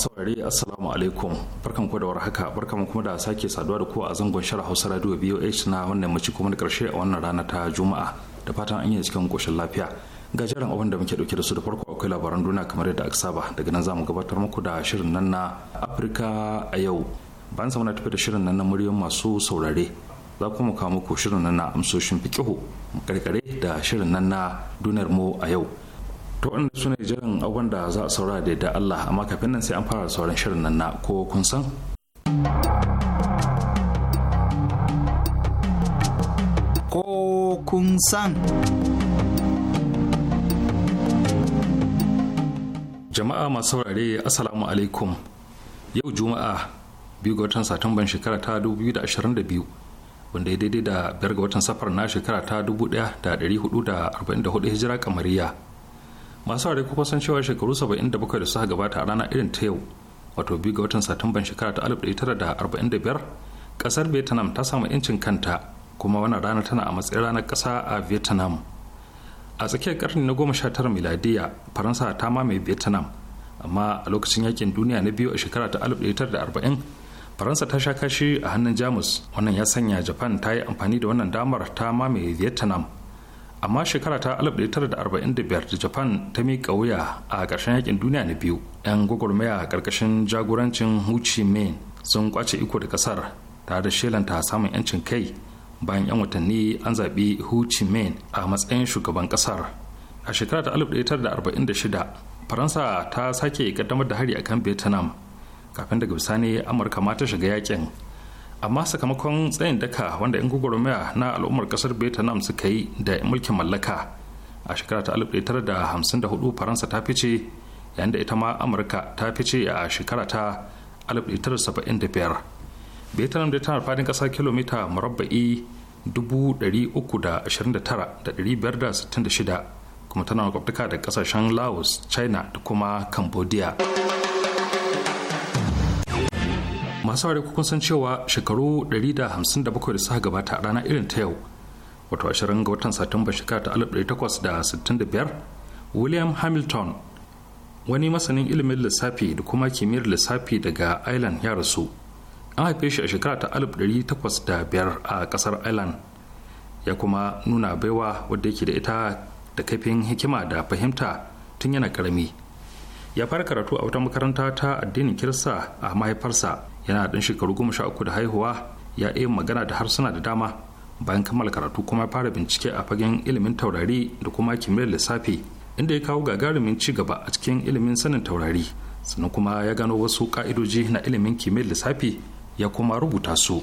Saurari, saurare assalamu alaikum barkan ku da haka? barkan kuma da sake saduwa da ku a zangon shara Hausa Radio BOH na wannan mace kuma da karshe a wannan rana ta Juma'a da fatan an yi cikin koshin lafiya ga jiran abin da muke dauke da su da farko akwai labaran duniya kamar yadda aka saba daga nan zamu gabatar muku da shirin nan na Afirka a yau ban samu na tafi da shirin nan na muryoyin masu saurare za kuma kawo muku shirin nan na amsoshin fikihu mu karkare da shirin nan na duniyar mu a yau to wannan su ne jiran abin da za a saura da yadda Allah amma kafin nan sai an fara sauran shirin nan na ko kun san ko kun san jama'a masu saurare assalamu alaikum yau juma'a biyu ga watan satumban shekara ta 2022 wanda ya daidai da biyar ga watan safar na shekara ta 1444 hijira kamariya masu aure kuka san cewa shekaru 77 da suka gabata a rana irin ta yau wato biyu ga watan satumban shekara ta 1945 kasar vietnam ta samu 'yancin kanta kuma wannan rana tana a matsayin ranar kasa a vietnam a tsakiyar karni na goma 19 miladiya faransa ta mamaye vietnam amma a lokacin yakin duniya na biyu a shekara ta 1940 faransa ta sha kashi a hannun jamus wannan ya sanya japan ta yi amfani da wannan damar ta mamaye vietnam amma shekara ta 1945 da japan ta miƙa wuya a ƙarshen yakin duniya na biyu 'yan gwagwarmaya a ƙarƙashin jagorancin hu chi sun kwace iko da ƙasar tare da shelanta samun 'yancin kai bayan 'yan watanni an zaɓi hu chi a matsayin shugaban ƙasar a shekara ta 1946 faransa ta sake ƙaddamar da hari akan vietnam kafin daga bisani amurka ma ta shiga yakin amma sakamakon tsayin daka wanda 'yan gwagwarmaya na al'ummar kasar vietnam suka yi da mulkin mallaka a shekara ta 1954 faransa ta fice yayin da ita ma amurka ta fice a shekara ta 1975 vietnam da tana fadin kasa kilomita murabba'i 329,566 kuma tana makwabtaka da kasashen laos china da kuma cambodia masu ware kukun san cewa shekaru 157 da suka gabata a rana irin ta yau wato 20 ga watan satumba shekara 1865 william hamilton wani masanin ilimin lissafi da kuma kimiyyar lissafi daga ireland ya rasu an haife shi a shekara ta 1805 a kasar ireland ya kuma nuna baiwa wadda yake da ita da kaifin hikima da fahimta tun yana karami ya fara karatu a wata makaranta ta addinin kirista a mahaifarsa yana dan shekaru goma sha uku da haihuwa ya iya magana da harsuna da dama bayan kammala karatu kuma ya fara bincike a fagen ilimin taurari da kuma kimiyyar lissafi inda ya kawo gagarumin ci gaba a cikin ilimin sanin taurari sannan kuma ya gano wasu ka'idoji na ilimin kimiyyar lissafi ya kuma rubuta su.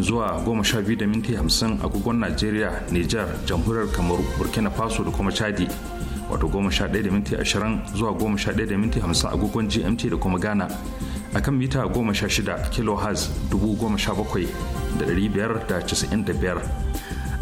zuwa 12 da minti 50 agogon najeriya nijar jamhuriyar kamaru burkina faso da kuma chadi wato 11 da minti 20 zuwa 11 da minti 50 agogon gmt da kuma ghana a kan mita 16 kilohertz biyar.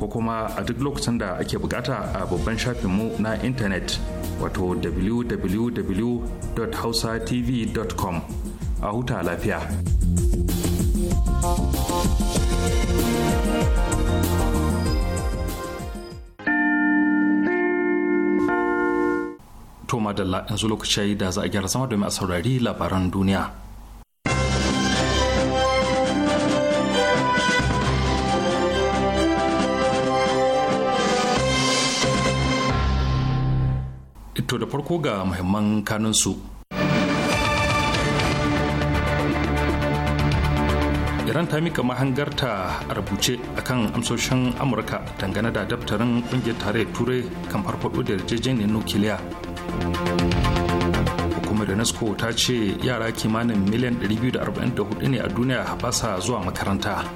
ko kuma a duk lokacin da ake bukata a babban shafinmu na intanet wato www.hausatv.com a huta lafiya. To madalla yanzu lokaci da za a gyara sama domin a saurari labaran duniya. To da farko ga muhimman kanunsu. Iran ta mika mahangarta a rubuce akan amsoshin Amurka dangane da daftarin ƙungiyar tarayyar Turai kan farfaɗo da yarjejeniyar nukiliya. Hukumar UNESCO ta ce yara kimanin miliyan 244 ne a duniya ba sa zuwa makaranta.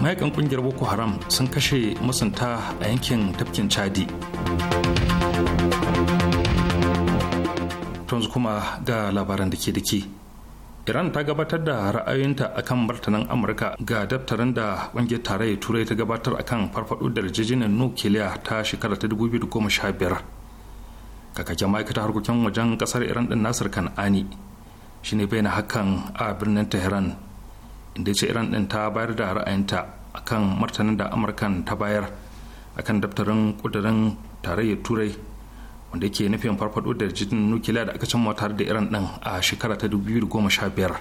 mayakan kungiyar boko haram sun kashe masunta a yankin tafkin chadi yanzu kuma ga labaran da ke dake iran ta gabatar da ra'ayoyinta akan martanin amurka ga daftarin da kungiyar tarayyar turai ta gabatar akan farfado da yarjejeniyar nukiliya ta shekara ta 2015 kakakken ma'aikatar harkokin wajen kasar iran din nasir kan'ani shine bayyana hakan a birnin tehran inda ce iran din ta bayar da ra'ayinta akan martanin da amurkan ta bayar akan daftarin kudurin tarayyar turai wanda ke nufin farfado da jirgin nukiliya da aka cimma tare da iran din a shekara ta 2015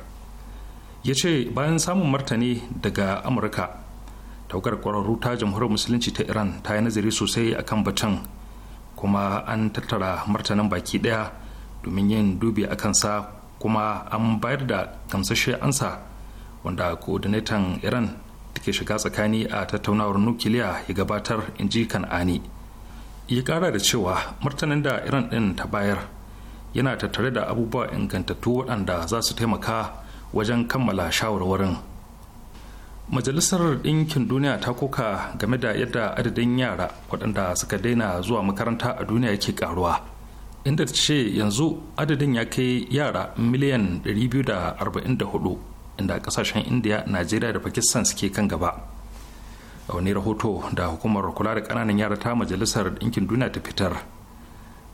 ya ce bayan samun martani daga amurka taukar kwararru ta jamhuriyar musulunci ta iran ta yi nazari sosai akan batun kuma an tattara martanin baki ɗaya domin yin dubi a kansa kuma an bayar da gamsashe ansa wanda coordinator iran da ke shiga tsakani a tattaunawar nukiliya ya gabatar in ji kan'ani ya kara da cewa martanin da iran din ta bayar yana tattare da abubuwa ingantattu waɗanda za su taimaka wajen kammala shawarwarin majalisar ɗinkin duniya ta koka game da yadda adadin yara waɗanda suka daina zuwa makaranta a duniya yake karuwa inda ta ce yanzu adadin ya kai yara miliyan 244 inda kasashen indiya najeriya da pakistan suke kan gaba a wani rahoto da hukumar kula da kananan yara ta majalisar ɗinkin duniya ta fitar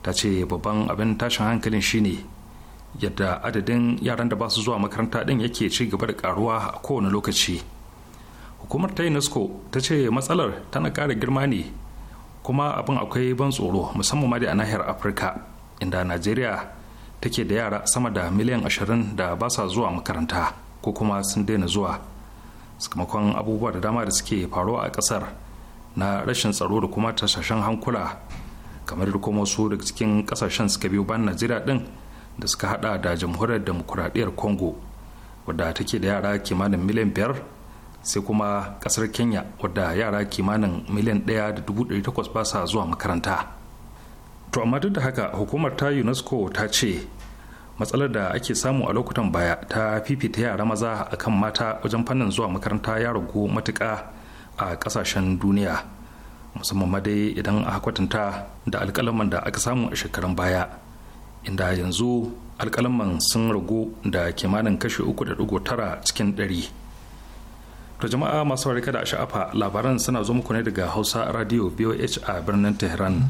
ta ce babban abin tashin hankalin shine yadda adadin yaran da ba su zuwa makaranta ɗin yake ci gaba da karuwa a kowane lokaci hukumar ta unesco ta ce matsalar tana kara girma ne kuma abin akwai ban tsoro musamman ma da a nahiyar afirka inda najeriya take da yara sama da miliyan ashirin da ba sa zuwa makaranta ko kuma sun daina zuwa sakamakon abubuwa da dama da suke faruwa a kasar na rashin tsaro da kuma tashashen hankula kamar da kuma wasu daga cikin kasashen suka biyo ban najeriya din da suka hada da jamhuriyar demokuraɗiyyar congo wadda take da yara kimanin miliyan biyar sai kuma kasar kenya wadda yara kimanin miliyan ɗaya da dubu ɗari takwas ba sa zuwa makaranta to amma duk da haka hukumar ta unesco ta ce matsalar da ake samu a lokutan baya ta fifita yara maza akan mata wajen fannin zuwa makaranta ya ragu matuka a ƙasashen duniya musamman ma dai idan a kwatanta da alkalaman da aka samu a shekarun baya inda yanzu alkalaman sun ragu da kimanin kashi 3.9 cikin 100 to jama'a masu warika da sha'afa labaran suna zo muku ne daga hausa radio voh a birnin tehran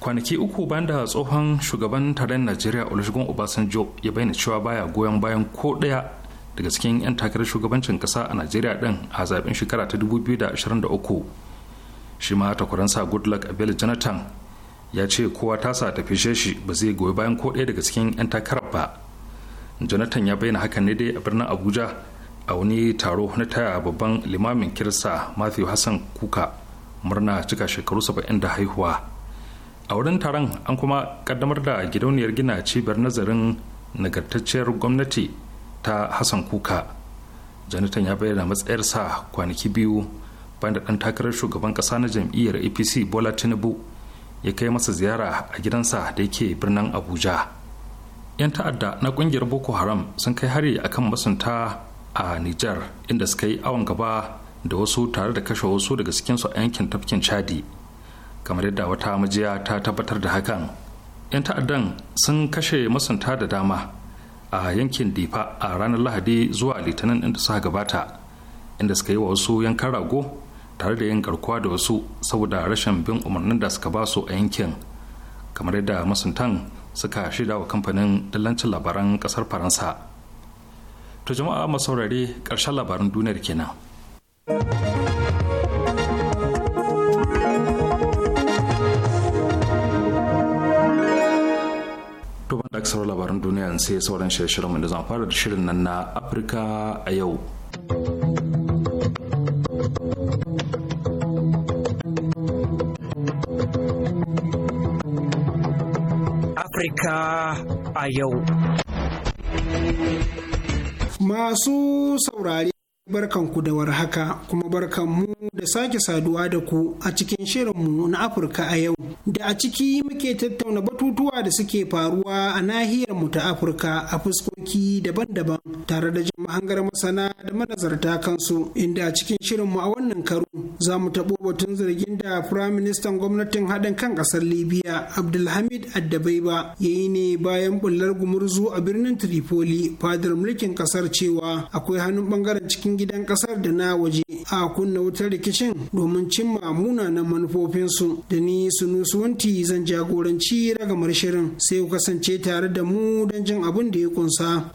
kwanaki uku bayan da tsohon shugaban tarayyar najeriya olusegun obasanjo ya bayyana cewa baya goyon bayan ko daya daga cikin 'yan takarar shugabancin kasa a najeriya din a zaben shekara ta 2023 shi ma sa goodluck abel jonathan ya ce kowa tasa ta fishe shi ba zai goyi bayan ko daya daga cikin 'yan takarar ba jonathan ya bayyana hakan ne dai a birnin abuja a wani taro na taya babban limamin kirista matthew hassan kuka murna cika shekaru saba'in da haihuwa a wurin taron an kuma kaddamar da gidauniyar gina cibiyar nazarin nagartacciyar gwamnati ta hassan kuka jonathan ya bayyana matsayarsa kwanaki biyu bayan da ɗan takarar shugaban ƙasa na jam'iyyar apc bola tinubu ya kai masa ziyara a gidansa da yake birnin abuja 'yan ta'adda na ƙungiyar boko haram sun kai hari akan masunta a nijar inda suka yi awon gaba da wasu tare da kashe wasu daga cikinsu a yankin tafkin chadi kamar yadda wata majiya ta tabbatar da hakan 'yan ta'addan sun kashe masunta da dama a yankin difa a ranar lahadi zuwa litinin inda suka gabata inda suka yi wa wasu yankan rago tare da yin garkuwa da wasu saboda rashin bin umarnin da suka ba su a yankin kamar yadda masuntan suka shida wa kamfanin dillancin labaran kasar faransa to jama'a masaurare ƙarshen labaran duniyar kenan. to ban da aka labaran duniya sai sauran shirye-shiryen da zan fara da shirin nan na afirka a yau Afirka a yau. Masu saurari Barkanku da warhaka kuma barkan mu da sake saduwa da ku a cikin shirinmu na Afirka a yau. Da a ciki muke tattauna batutuwa da suke faruwa a nahiyar mu ta Afirka a fuskar aiki daban-daban tare da jin mahangar masana da manazarta kansu inda a cikin mu a wannan karo za mu taɓo batun zargin da firaministan gwamnatin haɗin kan ƙasar libya abdulhamid addabaiba ya yi ne bayan bullar gumurzu a birnin tripoli fadar mulkin ƙasar cewa akwai hannun ɓangaren cikin gidan ƙasar da na waje a kunna wutar rikicin domin cimma munanan manufofinsu da ni sunusuwanti zan jagoranci ragamar shirin sai ku kasance tare da mu don jin abin da ya kunsa. semana.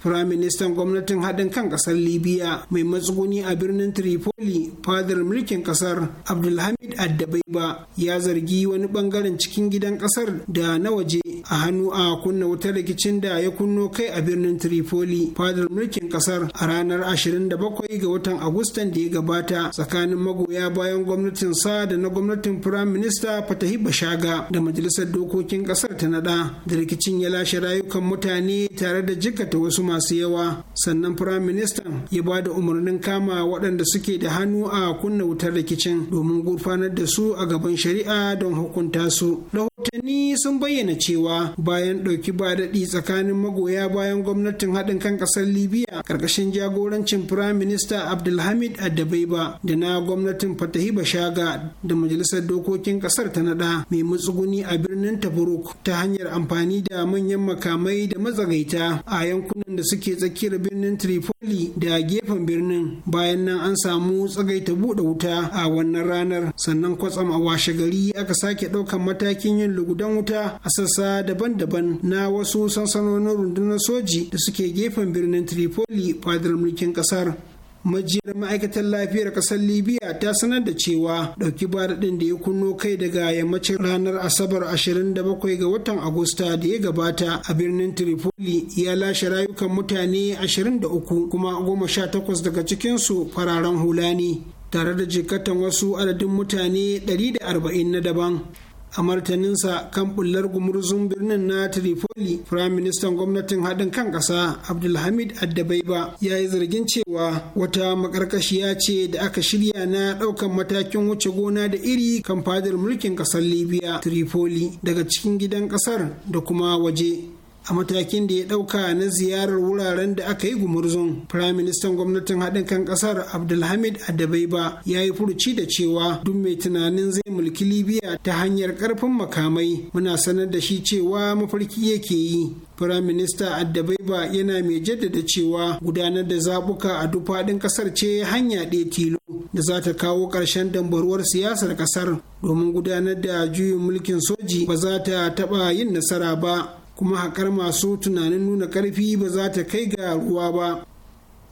Firaministan gwamnatin haɗin kan ƙasar Libya mai matsuguni a birnin Tripoli fadar mulkin ƙasar Abdulhamid Addabaiba ya zargi wani ɓangaren cikin gidan ƙasar da na waje a hannu a kunna wutar rikicin da ya kunno kai a birnin Tripoli fadar mulkin ƙasar a ranar 27 ga watan Agustan da ya gabata tsakanin magoya bayan gwamnatin sa da na gwamnatin Firaminista Fatahi Bashaga da majalisar dokokin ƙasar ta naɗa da rikicin ya lashe rayukan mutane tare da jikata wasu masu yawa sannan firayim ministan ya ba da umarnin kama waɗanda suke da hannu a kunna wutar rikicin domin gurfanar da su a gaban shari'a don hukunta su da Tani sun bayyana cewa bayan ɗauki ba daɗi tsakanin magoya bayan gwamnatin haɗin kan ƙasar Libya ƙarƙashin jagorancin Firayim Minista Abdulhamid adabaiba da na gwamnatin Fatahi Bashaga da Majalisar Dokokin ƙasar ta naɗa mai matsuguni a birnin Tabaruk ta hanyar amfani da manyan makamai da matsagaita a yankunan da suke tsakiyar birnin Tripoli da gefen birnin bayan nan an samu tsagaita buɗe wuta a wannan ranar sannan kwatsam a washe gari aka sake ɗaukar matakin yin yin lugudan wuta a sassa daban-daban na wasu sansanonin rundunar soji da suke gefen birnin Tripoli fadar mulkin kasar. majiyar ma'aikatar lafiyar kasar libya ta sanar da cewa ɗauki baradin da ya kunno kai daga yammacin ranar asabar 27 ga watan agusta da ya gabata a birnin tripoli ya lashe rayukan mutane 23 kuma 18 daga cikinsu fararen hula ne tare da jikatan wasu adadin mutane 140 na daban a martaninsa kan bullar gumurzun birnin na Tripoli, Firayim Ministan Gwamnatin Haɗin kan Ƙasa Abdulhamid Addabaiba ya yi zargin cewa wata makarkashiya ce da aka shirya na ɗaukan matakin wuce gona da iri kan fadar mulkin ƙasar Libya Tripoli daga cikin gidan ƙasar da kuma waje. a matakin da ya ɗauka na ziyarar wuraren da aka yi gumurzun Firaministan gwamnatin haɗin kan ƙasar abdulhamid adabaiba ya yi furuci da cewa duk mai tunanin zai mulki libya ta hanyar ƙarfin makamai muna sanar da shi cewa mafarki yake yi Firaminista Addabaiba yana mai jaddada cewa gudanar da zaɓuka a duk faɗin ƙasar ce hanya ɗaya tilo da za ta kawo ƙarshen dambaruwar siyasar ƙasar domin gudanar da juyin mulkin soji ba za ta taɓa yin nasara ba kuma haƙar masu tunanin nuna ƙarfi ba za ta kai ga ruwa ba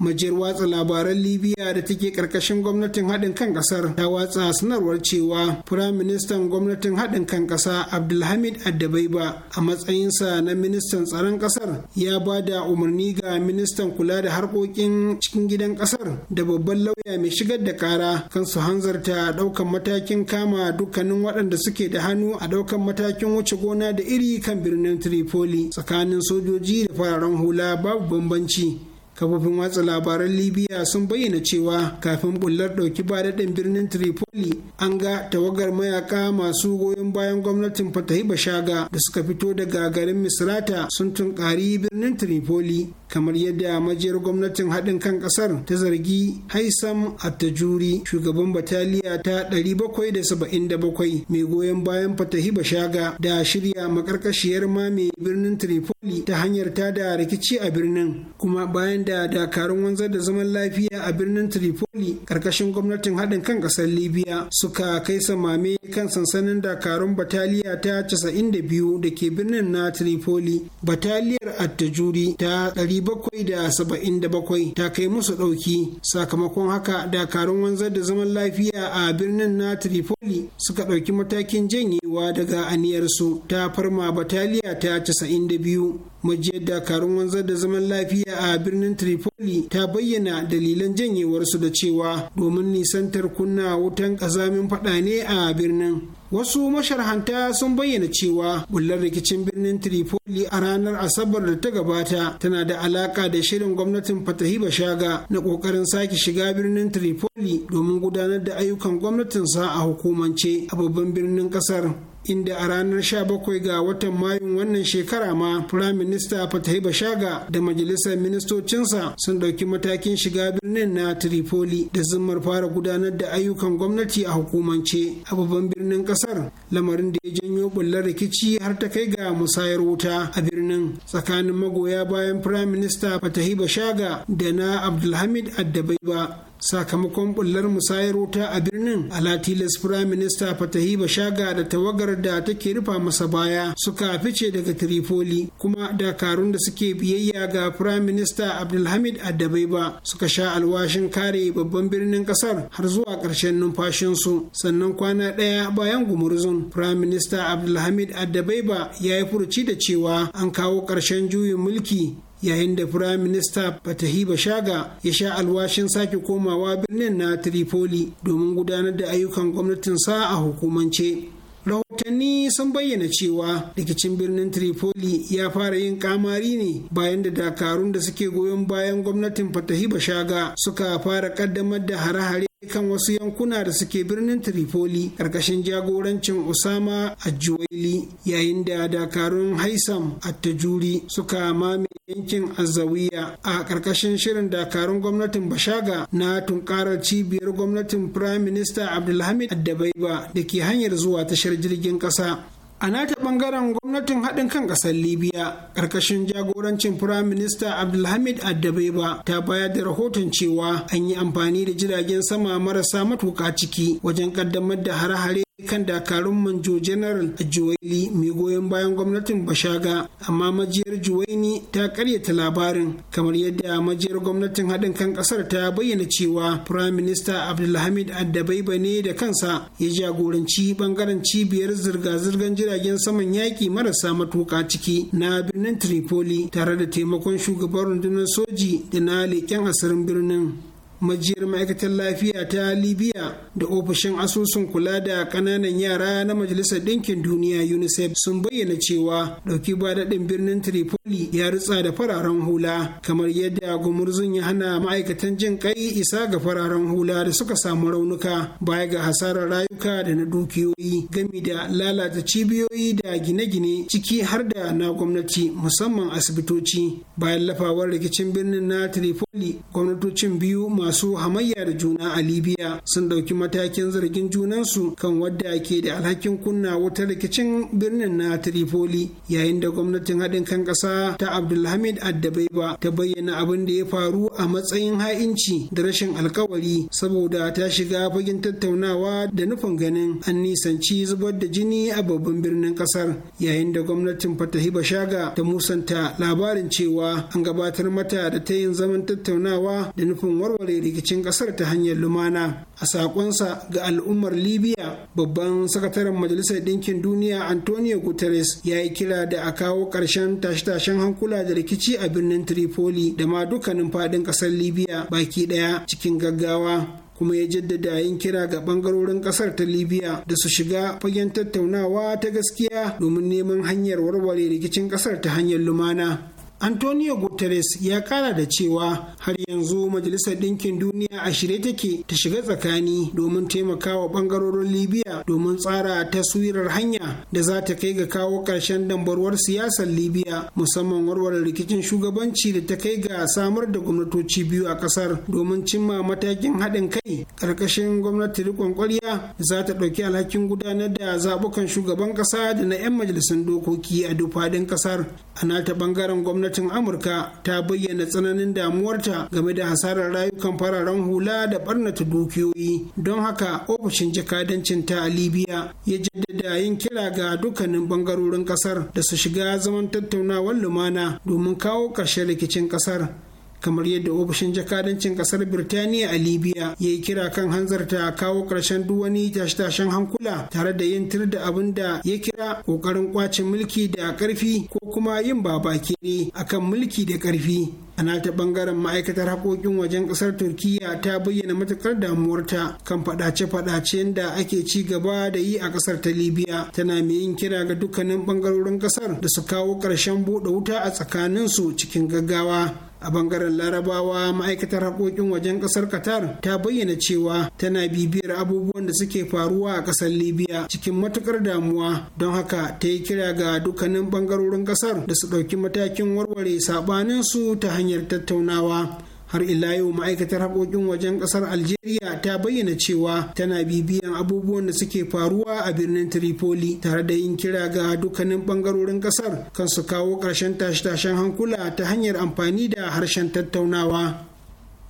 majiyar watsa labaran libya da take karkashin gwamnatin haɗin kan ƙasar ta watsa sanarwar cewa firaministan gwamnatin haɗin kan ƙasa abdulhamid addabaiba a matsayinsa na ministan tsaron ƙasar ya ba da umarni ga ministan kula da harkokin cikin gidan ƙasar da babban lauya mai shigar da kara kan su hanzarta ɗaukan matakin kama dukkanin waɗanda suke da hannu a ɗaukan matakin wuce gona da iri kan birnin tripoli tsakanin sojoji da fararen hula babu bambanci kafofin watsa labaran libya sun bayyana cewa kafin bullar ɗauki daɗin birnin tripoli an ga tawagar mayaka masu goyon bayan gwamnatin fatahi bashaga da suka fito daga garin misrata sun tunkari birnin tripoli kamar yadda majiyar gwamnatin haɗin kan ƙasar ta zargi haisam attajuri shugaban bataliya ta 777 mai goyon bayan fatahi bashaga da shirya makarkashiyar mame birnin tripoli ta hanyar ta da rikici a birnin kuma bayan da dakarun wanzar da zaman lafiya a birnin tripoli ƙarƙashin gwamnatin haɗin kan ƙasar libya suka kai samame kan sansanin dakarun bataliya ta 92 da ke birnin na tripoli bataliyar attajuri ta 777 ta kai musu ɗauki sakamakon haka dakarun wanzar da zaman lafiya a birnin na tripoli suka ɗauki matakin janyewa daga aniyarsu ta farma bataliya ta 92 majiyar dakarun wanzar da zaman lafiya a birnin tripoli ta bayyana dalilan janyewarsu da cewa domin nisantar kunna wutan ƙazamin faɗa ne a birnin wasu masharhanta sun bayyana cewa bullar rikicin birnin tripoli a ranar asabar da ta gabata tana da alaka da shirin gwamnatin fatahi bashaga na kokarin sake shiga birnin tripoli domin gudanar da ayyukan gwamnatinsa a hukumance a babban birnin kasar inda a ranar 17 ga watan mayun wannan shekara ma firayim minista fatahi bashaga da majalisar ministocinsa sun ɗauki matakin shiga birnin na tripoli da zimmar fara gudanar da ayyukan gwamnati a hukumance a babban birnin ƙasar lamarin da ya janyo bullar rikici har ta kai ga musayar wuta a birnin tsakanin magoya bayan firayim minista fatahi bashaga da na abdulhamid addabaiba sakamakon bullar musayar wuta a birnin alatilas prime minister fatahi Shaga da tawagar da take rufa masa baya suka fice daga tripoli kuma dakarun da suke biyayya ga prime minister abdulhamid addabaiba suka sha alwashin kare babban birnin kasar har zuwa ƙarshen numfashinsu sannan kwana ɗaya bayan gumurzun prime minister abdulhamid addabaiba ya yi furuci da cewa an kawo ƙarshen juyin mulki yayin da firayim minista fatahi bashaga ya sha alwashin sake komawa birnin na tripoli domin gudanar da ayyukan gwamnatinsa a hukumance rahotanni sun bayyana cewa rikicin birnin tripoli ya fara yin kamari ne bayan da dakarun da suke goyon bayan gwamnatin fatahi bashaga suka fara kaddamar da hare-hare kan wasu yankuna da suke birnin Tripoli ƙarƙashin jagorancin Usama Ajuwaili yayin da dakarun Haisam Attajuri suka mame yankin Azawiya a ƙarƙashin shirin dakarun gwamnatin Bashaga na tunkarar cibiyar gwamnatin Prime Minister Abdulhamid Addabaiba da ke hanyar zuwa tashar jirgin ƙasa. a nata bangaren gwamnatin haɗin kan ƙasar libya ƙarƙashin jagorancin firaminista abdulhamid addabeba ta bayar da rahoton cewa an yi amfani da jiragen sama marasa matuƙa ciki wajen ƙaddamar da hare-hare kan dakarun manjo general juwaili mai goyon bayan gwamnatin bashaga amma majiyar juwaini ta karyata labarin kamar yadda majiyar gwamnatin haɗin kan ƙasar ta bayyana cewa prime minister abdulhamid addabaiba ne da kansa ya jagoranci bangaren cibiyar zirga-zirgar jiragen saman yaƙi marasa matuƙa ciki na birnin tripoli tare da taimakon shugaban rundunar soji da na leƙen asirin birnin majiyar ma'aikatar lafiya ta libya da ofishin asusun kula da kananan yara na majalisar ɗinkin duniya unicef sun bayyana cewa ɗauki ba daɗin birnin tripoli ya rutsa da fararen hula kamar yadda gumurzun ya hana ma'aikatan jin kai isa ga fararen hula da suka samu raunuka baya ga hasarar rayuka da na dukiyoyi gami da lalata cibiyoyi da gine-gine ciki har da na gwamnati musamman asibitoci bayan lafawar rikicin birnin na tripoli gwamnatocin biyu ma. masu hamayya da juna a libya sun ɗauki matakin zargin junansu kan wadda ke da alhakin kunna wata rikicin birnin na tripoli yayin da gwamnatin haɗin kan ƙasa ta abdulhamid addabaiba ta bayyana abin da ya faru a matsayin ha'inci da rashin alkawari saboda ta shiga fagen tattaunawa da nufin ganin an nisanci zubar da jini a babban birnin ƙasar yayin da gwamnatin fatahi bashaga ta musanta labarin cewa an gabatar mata da ta yin zaman tattaunawa da nufin warware rikicin kasar ta hanyar lumana a sakonsa ga al'ummar libya babban sakataren majalisar ɗinkin duniya antonio guterres ya yi kira da a kawo ƙarshen tashe-tashen hankula da rikici a birnin tripoli da ma dukkanin faɗin ƙasar libya baki ɗaya cikin gaggawa kuma ya jaddada yin kira ga ɓangarorin ƙasar ta libya da su shiga fagen tattaunawa ta gaskiya domin neman hanyar warware rikicin ƙasar ta hanyar lumana Antonio Guterres ya kara da cewa har yanzu Majalisar Ɗinkin Duniya a shirye take ta shiga tsakani domin taimakawa ɓangarorin Libya domin tsara taswirar hanya da za ta kai ga kawo ƙarshen dambarwar siyasar Libya musamman warware rikicin shugabanci da ta kai ga samar da gwamnatoci biyu a ƙasar domin cimma matakin haɗin kai ƙarƙashin gwamnati riƙon ƙwarya za ta ɗauki alhakin gudanar da zaɓukan shugaban ƙasa da na 'yan majalisun dokoki a duk fadin ƙasar a nata ɓangaren gwamnati gwamnatin amurka ta bayyana tsananin damuwarta game da hasarar rayukan fararen hula da barnata dukiyoyi don haka ofishin jakadancin ta a libya ya jaddada yin kira ga dukkanin bangarorin kasar da su shiga zaman tattaunawar lumana domin kawo ƙarshen rikicin kasar kamar yadda ofishin jakadancin kasar birtaniya a libya ya yi kira kan hanzarta kawo ƙarshen duwani wani tashe-tashen hankula tare da yin tir da abin da ya kira ƙoƙarin ƙwacin mulki da ƙarfi ko kuma yin ne akan mulki da ƙarfi a nata bangaren ma'aikatar haƙoƙin wajen ƙasar turkiya ta bayyana matuƙar damuwarta kan faɗace-faɗacen da ake ci gaba da yi a ƙasar ta libya tana mai yin kira ga dukkanin ɓangarorin ƙasar da su kawo ƙarshen buɗe wuta a tsakaninsu cikin gaggawa a bangaren larabawa ma'aikatar haƙoƙin wajen ƙasar qatar ta bayyana cewa tana bibiyar abubuwan da suke faruwa a ƙasar libya cikin matuƙar damuwa don haka ta yi kira ga dukkanin ɓangarorin ƙasar da su ɗauki matakin warware saɓaninsu ta hanyar tattaunawa har ila yau ma'aikatar haƙoƙin wajen ƙasar algeria ta bayyana cewa tana bibiyan abubuwan da suke faruwa a birnin tripoli tare da yin kira ga dukkanin ɓangarorin ƙasar kan su kawo ƙarshen tashe-tashen hankula ta hanyar amfani da harshen tattaunawa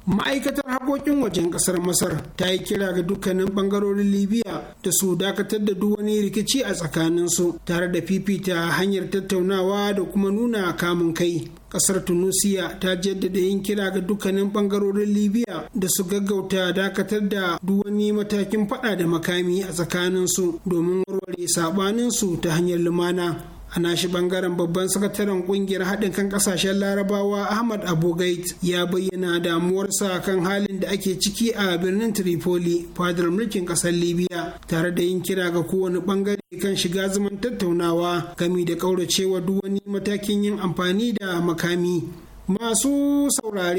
ma'aikatar harkokin wajen kasar masar ta yi kira ga dukkanin ɓangarorin libya da su dakatar da duk wani rikici a tsakaninsu tare da fifita hanyar tattaunawa da kuma nuna kamun kai ƙasar tunisia ta jaddada yin kira ga dukkanin ɓangarorin libya da su gaggauta dakatar da duk wani matakin faɗa da makami a tsakaninsu domin warware saɓaninsu ta hanyar lumana ana shi bangaren babban sakataren kungiyar haɗin kan ƙasashen larabawa ahmad abogait ya bayyana damuwarsa kan halin da ake ciki a birnin tripoli fadar mulkin ƙasar libya tare da yin kira ga kowane bangare kan shiga zaman tattaunawa gami da ƙauracewa duk wani matakin yin amfani da makami masu saurare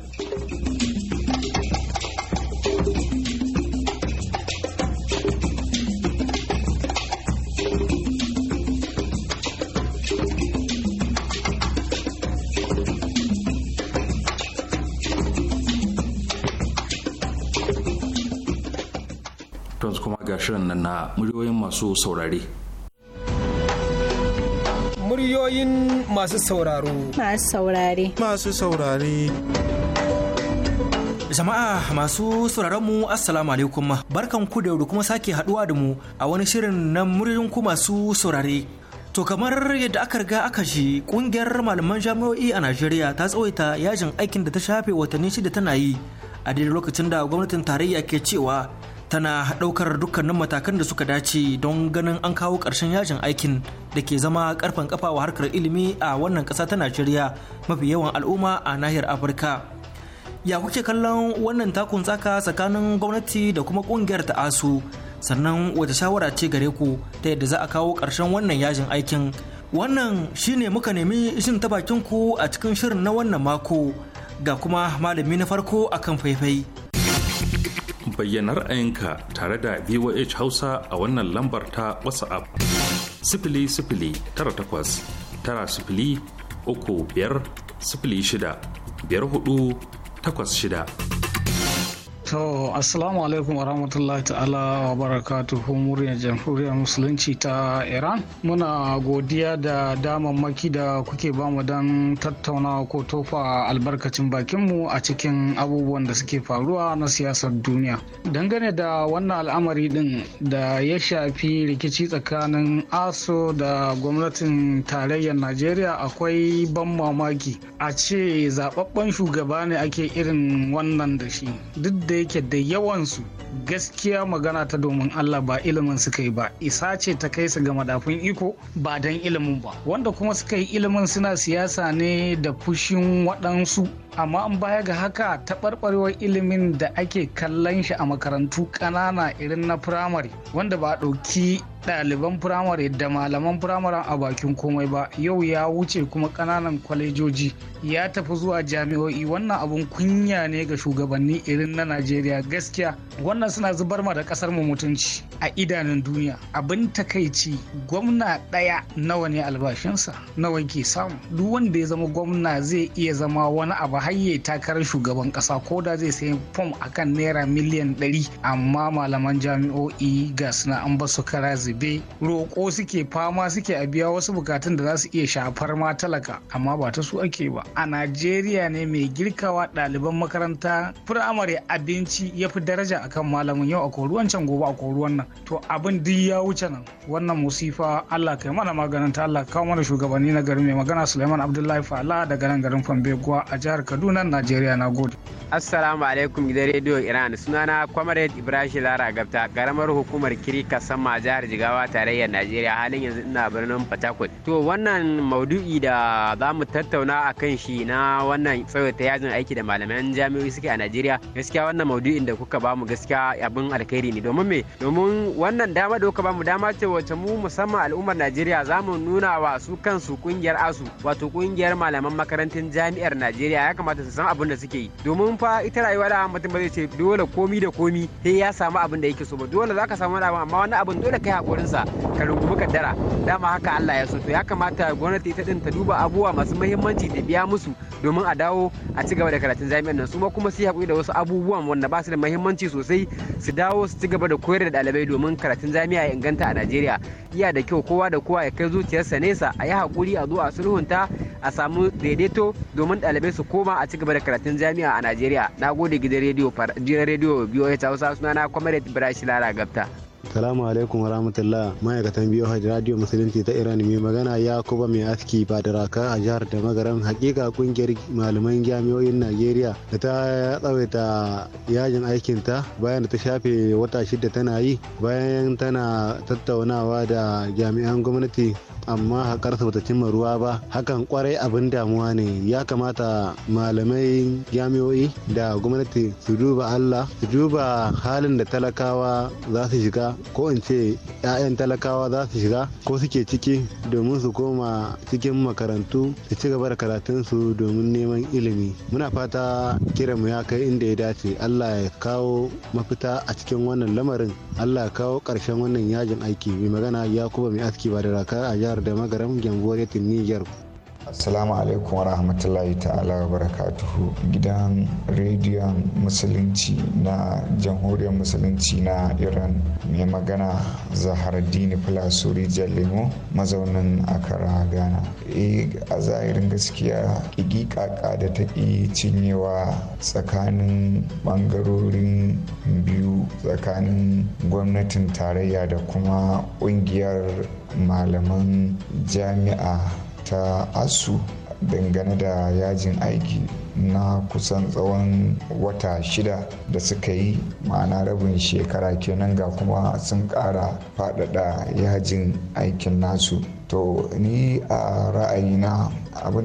shirin nan na muryoyin masu saurare. Muryoyin masu sauraro. Masu saurare. Masu saurare. Jama'a masu sauraron mu Assalamu alaikum barkan ku da kuma sake haduwa da mu a wani shirin na muryoyin ku masu saurare. To kamar yadda aka riga aka shi kungiyar malaman jami'o'i a Najeriya ta tsawaita yajin aikin da ta shafe watanni shida tana yi a daidai lokacin da gwamnatin tarayya ke cewa tana ɗaukar dukkanin matakan da suka dace don ganin an kawo ƙarshen yajin aikin da ke zama karfan kafa wa harkar ilimi a wannan ƙasa ta najeriya mafi yawan al'umma a nahiyar afirka ya kuke kallon wannan takun tsaka tsakanin gwamnati da kuma ƙungiyar ta asu sannan wata shawara ce gare ku ta yadda za a kawo ƙarshen wannan yajin aikin wannan shine muka nemi shin ta bakin ku a cikin shirin na wannan mako ga kuma malami na farko akan faifai bayyana ra'ayinka tare da voh hausa a wannan lambar ta whatsapp sifili sifili tara takwas tara sifili uku biyar sifili shida biyar hudu takwas shida To, Assalamu alaikum wa rahmatullahi ta'ala wa barakatu muryar jamhuriyar musulunci ta Iran. Muna godiya da damammaki da kuke bamu don tattauna ko tofa albarkacin bakinmu a cikin abubuwan da suke faruwa na siyasar duniya. Dangane da wannan al'amari din da ya shafi rikici tsakanin ASO da gwamnatin tarayyar Najeriya akwai ban mamaki. A ce zababben shugaba ne ake irin wannan da shi. Duk da yake da yawansu gaskiya magana ta domin Allah ba ilimin suka yi ba isa ce ta kai su ga madafun iko ba don ilimin ba wanda kuma suka yi ilimin suna siyasa ne da fushin waɗansu amma an baya ga haka taɓarɓarewar ilimin da ake kallon shi a makarantu ƙanana irin na firamare wanda ba a ɗauki ɗaliban firamare da malaman firamaren a bakin komai ba yau ya wuce kuma ƙananan kwalejoji ya tafi zuwa jami'o'i wannan abun kunya ne ga shugabanni irin na najeriya gaskiya wannan suna zubar ma da ƙasar mu mutunci a idanun duniya abin takaici gwamna ɗaya nawa ne albashinsa nawa ke samu duk wanda ya zama gwamna zai iya zama wani abu hayye takarar shugaban kasa ko da zai sayi fom akan naira miliyan 100 amma malaman jami'o'i ga suna an ba su kara zube roƙo suke fama suke a biya wasu bukatun da za su iya shafar ma talaka amma ba ta su ake ba a najeriya ne mai girkawa ɗaliban makaranta firamare abinci ya fi daraja akan malamin yau a koruwan can gobe a koruwan nan to abin duk ya wuce nan wannan musifa allah kai mana maganin ta allah kawo mana shugabanni na garin mai magana suleiman abdullahi fala daga nan garin fambeguwa a jihar Kaduna Najeriya na gode. Assalamu alaikum gidan rediyo Iran sunana Comrade Ibrahim Lara Gabta karamar hukumar Kirika Sama jihar Jigawa tarayyar Najeriya halin yanzu ina birnin Fatakwal. To wannan maudu'i da za mu tattauna a kan shi na wannan tsawaita yajin aiki da malaman jami'o'i suke a Najeriya gaskiya wannan maudu'in da kuka bamu gaskiya abin alkhairi ne domin me domin wannan dama da kuka bamu dama ce wacce mu musamman al'ummar Najeriya za mu nuna wa su kansu kungiyar ASU wato kungiyar malaman makarantun jami'ar Najeriya ya kamata su san abin da suke yi domin fa ita rayuwa da mutum ba zai ce dole komi da komi sai ya samu abin da yake so ba dole za ka samu wani abu amma wani abin dole kai hakurin sa ka rungumi kaddara dama haka Allah ya so to ya kamata gwamnati ta din ta duba abubuwa masu muhimmanci ta biya musu domin a dawo a ci gaba da karatun jami'an nan su ma kuma su haƙuri da wasu abubuwan wanda ba su da muhimmanci sosai su dawo su ci gaba da koyar da dalibai domin karatun jami'a ya inganta a Najeriya iya da kyau kowa da kowa ya kai zuciyarsa nesa a yi hakuri a zo a sulhunta a samu daidaito domin ɗalibai su koma kuma a cigaba da karatun jami'a a Najeriya. Na gode gidan rediyo gidan rediyo BOH Hausa sunana Comrade Brashi Lara Gapta. Salamu alaikum wa rahmatullah ma'aikatan biyu hajji radio musulunci ta Iran mai magana ya kuba mai aski ba da raka a jihar da magaran hakika kungiyar malaman jami'o'in Najeriya da ta tsawaita yajin aikinta bayan da ta shafe wata shida tana yi bayan tana tattaunawa da jami'an gwamnati amma hakarsa bata cimma ruwa ba hakan kwarai abin damuwa ne ya kamata malamai jami'o'i da gwamnati su duba Allah su duba halin da talakawa za su shiga ko in ce 'ya'yan talakawa za su shiga ko suke ciki domin su koma cikin makarantu su ci gaba da karatunsu domin neman ilimi muna fata kiranmu ya kai inda ya dace allah ya kawo mafita a cikin wannan lamarin allah ya kawo karshen wannan yajin aiki mai magana ya kuma mai aski ba da raka a jihar da magaram gyamboriyar niger Assalamu alaikum wa rahmatullahi ta'ala wa barakatuhu gidan rediyon musulunci na jamhuriyar musulunci na Iran mai magana Zaharaddini Filasuri Jalemo mazaunin Akara Ghana. E a zahirin gaskiya ƙiƙiƙaƙa da ta ƙi cinyewa tsakanin ɓangarorin biyu tsakanin gwamnatin tarayya da kuma ƙungiyar malaman jami'a ta asu dangane da yajin aiki na kusan tsawon wata shida da suka yi ma'ana rabin shekara kenan ga kuma sun ƙara faɗaɗa yajin aikin nasu to ni a ra'ayina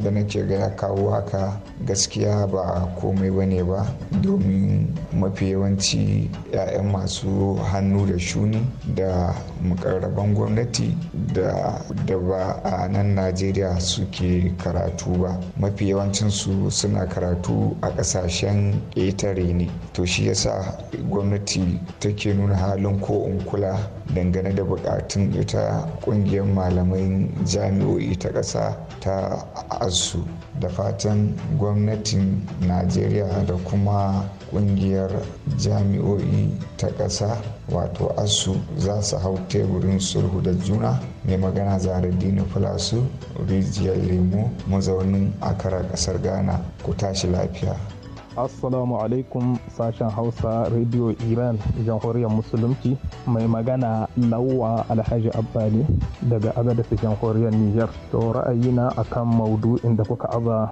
da nake ga ya kawo haka gaskiya ba komai ba ne ba domin mafi yawanci 'ya'yan masu hannu da shuni da mukarraban gwamnati da da ba a nan najeriya suke karatu ba mafi yawancinsu suna karatu a kasashen ƙetare ne to shi yasa gwamnati take nuna halin ko in kula dangane da bukatun ita kungiyar malaman jami'o'i ta ƙasa ta asu da fatan gwamnatin najeriya da kuma kungiyar jami'o'i ta ƙasa wato asu za su hau teburin sulhu da juna mai magana zaradini filasu rijiyar lemo mazaunin akara ƙasar ghana ku tashi lafiya Assalamu alaikum sashen Hausa Radio Iran jamhuriyar Musulunci mai magana Lawa Alhaji Abbali daga Agadis jamhuriyar Nijar. To ra'ayina akan maudu'in da kuka aza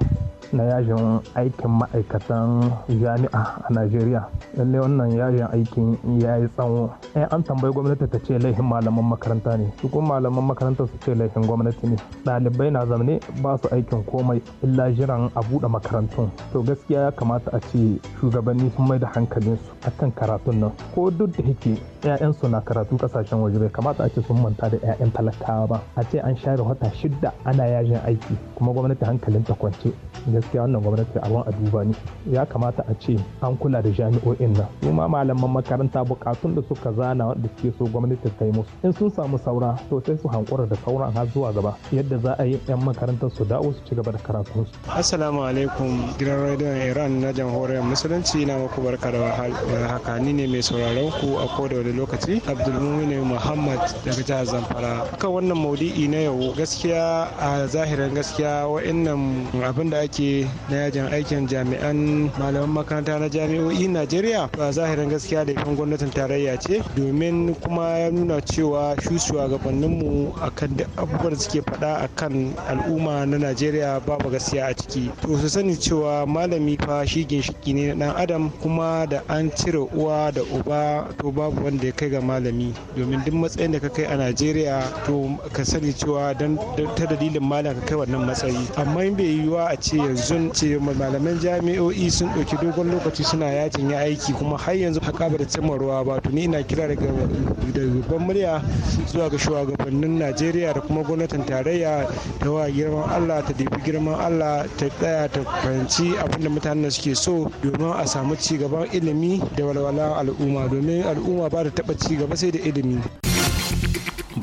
na yajin aikin ma'aikatan jami'a a najeriya lallai wannan yajin aikin ya yi tsawo in eh, an tambayi gwamnati ta ce laifin malaman makaranta ne su kuma malaman makaranta su ce laifin gwamnati ne ɗalibai na zamne ba su aikin komai illa jiran a buɗe makarantun to gaskiya ya kamata a ce shugabanni sun mai da hankalinsu akan karatun nan ko duk da yake 'ya'yansu na karatu kasashen waje bai kamata a ce sun manta da 'ya'yan talakawa ba a ce an share wata shidda ana yajin aiki kuma gwamnati hankalin ta kwance gaskiya wannan gwamnati abin a duba ne ya kamata a ce an kula da jami'o'in nan su ma malaman makaranta bukatun da suka zana wanda suke so gwamnati ta yi musu in sun samu saura to sai su hankura da sauran har zuwa gaba yadda za a yi 'yan makarantar su dawo su ci gaba da karatunsu. assalamu alaikum gidan rediyon iran na jamhuriyar musulunci na muku barka da haka ni ne mai sauraron ku a koda lokaci abdulmumin muhammad daga jihar zamfara kan wannan maudu'i na yau gaskiya a zahirin gaskiya wa'annan abin da ake na yajin aikin jami'an malaman makaranta na jami'o'i najeriya a zahirin gaskiya da ifin gwamnatin tarayya ce domin kuma ya nuna cewa shi shugabanninmu kan da abubuwan suke faɗa a kan al'umma na najeriya babu gaskiya a ciki to su sani cewa malami fa shi ginshiki ne na ɗan adam kuma da an cire uwa da uba to babu wanda da kai ga malami domin duk matsayin da ka kai a najeriya to ka sani cewa don ta dalilin malam ka kai wannan matsayi amma in bai yiwuwa a ce yanzu ce malaman jami'o'i sun ɗauki dogon lokaci suna yajin ya aiki kuma har yanzu haka ba da cimma ruwa ba to ni ina kira daga babban murya zuwa ga shugabannin najeriya da kuma gwamnatin tarayya da wa girman allah ta dibi girman allah ta tsaya ta fahimci abin da mutanen suke so domin a samu ci gaban ilimi da walwala al'umma domin al'umma ba da taɓa ci gaba sai da ilimi.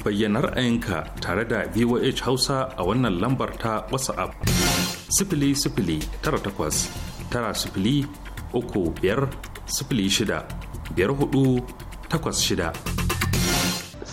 Bayyana ra'ayinka tare da VOH Hausa a wannan lambar ta WhatsApp. Sifili sifili tara takwas tara sifili uku biyar sifili shida biyar hudu takwas shida.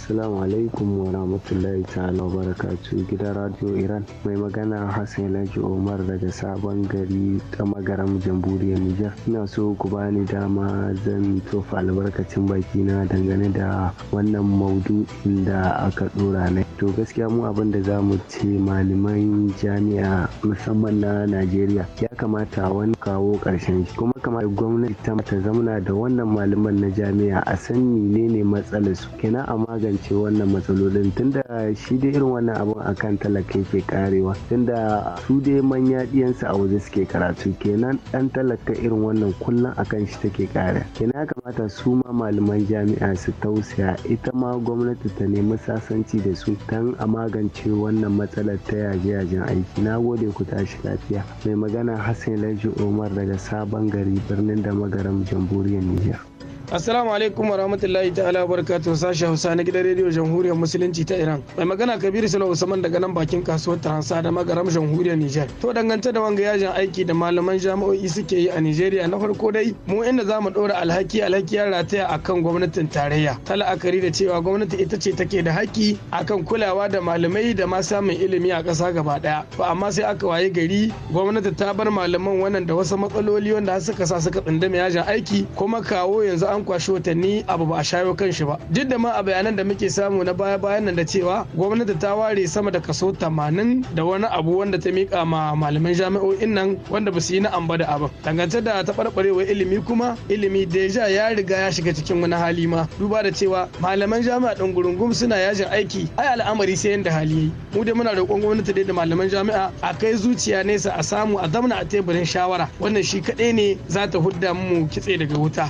Assalamu alaikum wa rahmatullahi ta'ala wa barakatu gidan Radio Iran. Mai magana Hassan Laji umar daga sabon gari ta magaram jamhuriyar Nijar. Ina so ku bani dama zan tofa albarkacin baki na dangane da wannan maudu'in da aka dora na. To gaskiya mu abin da zamu ce malaman jami'a musamman na Najeriya ya kamata wani kawo karshen shi kuma kamar gwamnati ta mata zamana da wannan malaman na jami'a a san menene matsalar su kina a magance magance wannan matsalolin tunda shi dai irin wannan abun akan talaka yake karewa tunda su dai manya diyansu a waje suke karatu kenan dan talaka irin wannan kullum akan shi take kare kenan ya kamata su ma malaman jami'a su tausaya ita ma gwamnati ta nemi sasanci da su tan a magance wannan matsalar ta yaje-yajen aiki na gode ku tashi lafiya mai magana hassan laji umar daga sabon gari birnin da magaram jamhuriyar nijar. Assalamu alaikum warahmatullahi ta'ala barakatuh sashi Hausa na gidan rediyo Jamhuriyar Musulunci ta Iran. Mai magana Kabir Sala Usman daga nan bakin kasuwar Transa da magaram Jamhuriyar Nijar. To dangance da wanga yajin aiki da malaman jami'o'i suke yi a Nijeriya na farko dai mu inda za mu ɗora alhaki alhaki ya rataya akan gwamnatin tarayya. Ta la'akari da cewa gwamnati ita ce take da haƙƙi akan kulawa da malamai da ma samun ilimi a ƙasa gaba ɗaya. Ba amma sai aka waye gari gwamnati ta bar malaman wannan da wasu matsaloli wanda suka sa suka tsindama yajin aiki kuma kawo yanzu an an kwashi watanni abu ba a shayo kan shi ba duk da ma a bayanan da muke samu na baya bayan nan da cewa gwamnati ta ware sama da kaso 80 da wani abu wanda ta mika ma malaman jami'o'in nan wanda ba su yi na'am ba da abin dangance da ta taɓarɓarewar ilimi kuma ilimi deja ya riga ya shiga cikin wani hali ma duba da cewa malaman jami'a ɗin gurungum suna yajin aiki ai al'amari sai yanda hali yayi mu da muna roƙon gwamnati da malaman jami'a a kai zuciya nesa a samu a zamana a teburin shawara wannan shi kaɗai ne za ta hudda mu kitse daga wuta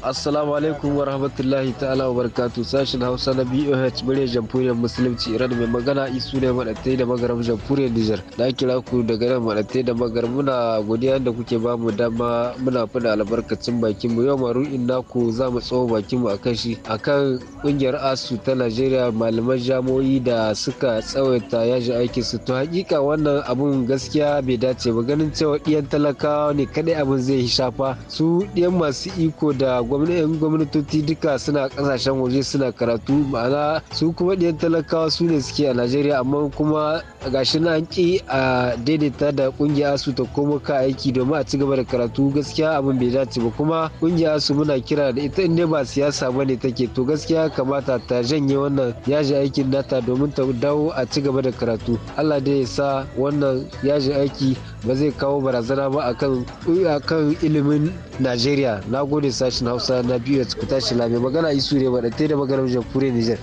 Assalamu alaikum wa rahmatullahi ta'ala wa barkatu sashen Hausa na BOH murya jamhuriyar Musulunci Iran mai magana isu ne maɗatai da magaram jamhuriyar Nijar. Na kira ku daga nan maɗatai da magar muna godiya da kuke ba mu dama muna fada albarkacin bakin mu yau maru'in naku za mu tsawo bakin mu akan shi akan kungiyar ASU ta Najeriya malaman jamoyi da suka tsawaita yaji aikin su to hakika wannan abun gaskiya bai dace ba ganin cewa ɗiyan talakawa ne kadai abun zai shafa su ɗiyan masu iko da gwamnatoci duka suna kasashen waje suna karatu ma'ana su kuma ɗiyan talakawa su ne suke a najeriya amma kuma gashi na an ƙi a daidaita da ƙungiya su ta komo ka aiki domin a ci gaba da karatu gaskiya abin bai dace ba kuma ƙungiya su muna kira da ita in ba siyasa ba ne take to gaskiya kamata ta janye wannan yaji aikin nata domin ta dawo a ci gaba da karatu allah dai ya sa wannan yaji aiki ba zai kawo barazana ba akan ilimin najeriya na gode sashen hausa hausa na biyu ku tashi labe magana isu ne ba da da maganar jamhuriyar nijar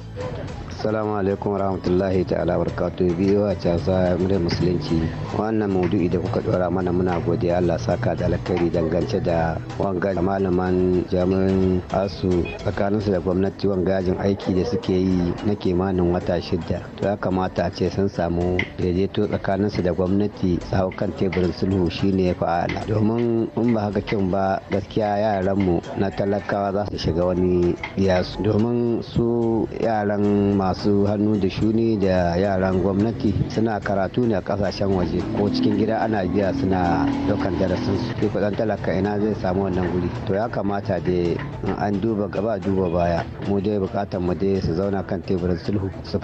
assalamu alaikum warahmatullahi ta'ala barkatu biyu a musulunci wannan maudu'i da kuka dora mana muna godiya Allah saka da alkhairi dangance da wanga malaman jami'in asu tsakaninsu da gwamnati wangajin aiki da suke yi na kimanin wata shida to ya kamata a ce sun samu daidaito tsakaninsu da gwamnati hau kan teburin sulhu shine fa'ala domin in ba haka kin ba gaskiya mu na talakawa za su shiga wani yasu domin su yaran ma masu hannu da shuni da yaran gwamnati suna karatu ne a kasashen waje ko cikin gida ana biya suna dokan darasin su ke kudan talaka ina zai samu wannan guri to ya kamata da an duba gaba duba baya mu dai bukatan mu dai su zauna kan teburin sulhu su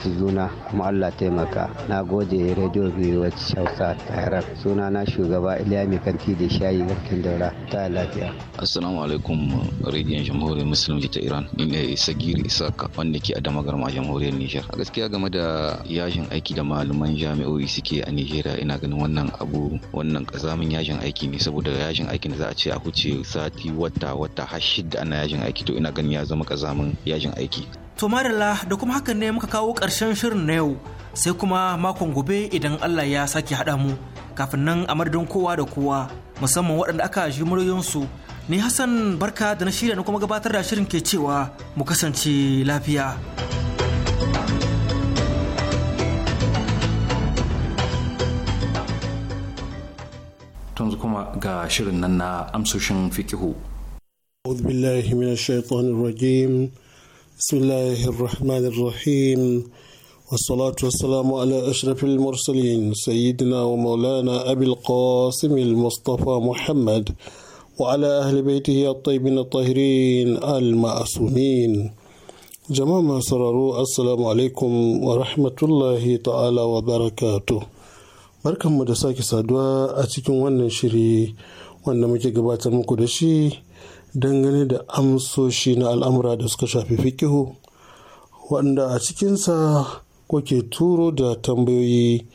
su zuna kuma Allah taimaka na gode rediyo biyu wacce Hausa Tahirar suna na shugaba Iliya mai kanti da shayi garkin daura ta lafiya assalamu alaikum radio jamhuriyar musulunci ta Iran ni ne Sagiri Isaka wanda ke a damagar koma jamhuriyar Nijar. A gaskiya game da yajin aiki da malaman jami'o'i suke a Nijeriya ina ganin wannan abu wannan kazamin yajin aiki ne saboda yajin aikin da za a ce a huce sati wata wata har ana yajin aiki to ina ganin ya zama kazamin yajin aiki. To Marilla da kuma hakan ne muka kawo karshen shirin na yau sai kuma makon gobe idan Allah ya sake haɗa mu kafin nan a madadin kowa da kowa musamman waɗanda aka ji muryoyinsu ni Hassan barka da na shirya na kuma gabatar da shirin ke cewa mu kasance lafiya. tunzu kuma ga shirin nan na amsoshin fikihu أعوذ بالله من الشيطان الرجيم بسم الله الرحمن الرحيم والصلاة والسلام على أشرف المرسلين سيدنا ومولانا أبي القاسم المصطفى محمد وعلى أهل بيته الطيبين الطاهرين المعصومين جماعة سرروا السلام عليكم ورحمة الله تعالى وبركاته barkanmu da sake saduwa a cikin wannan shiri wanda muke gabatar muku da shi dangane da amsoshi na al'amura da suka shafi fikihu wanda a cikinsa kuke turo da tambayoyi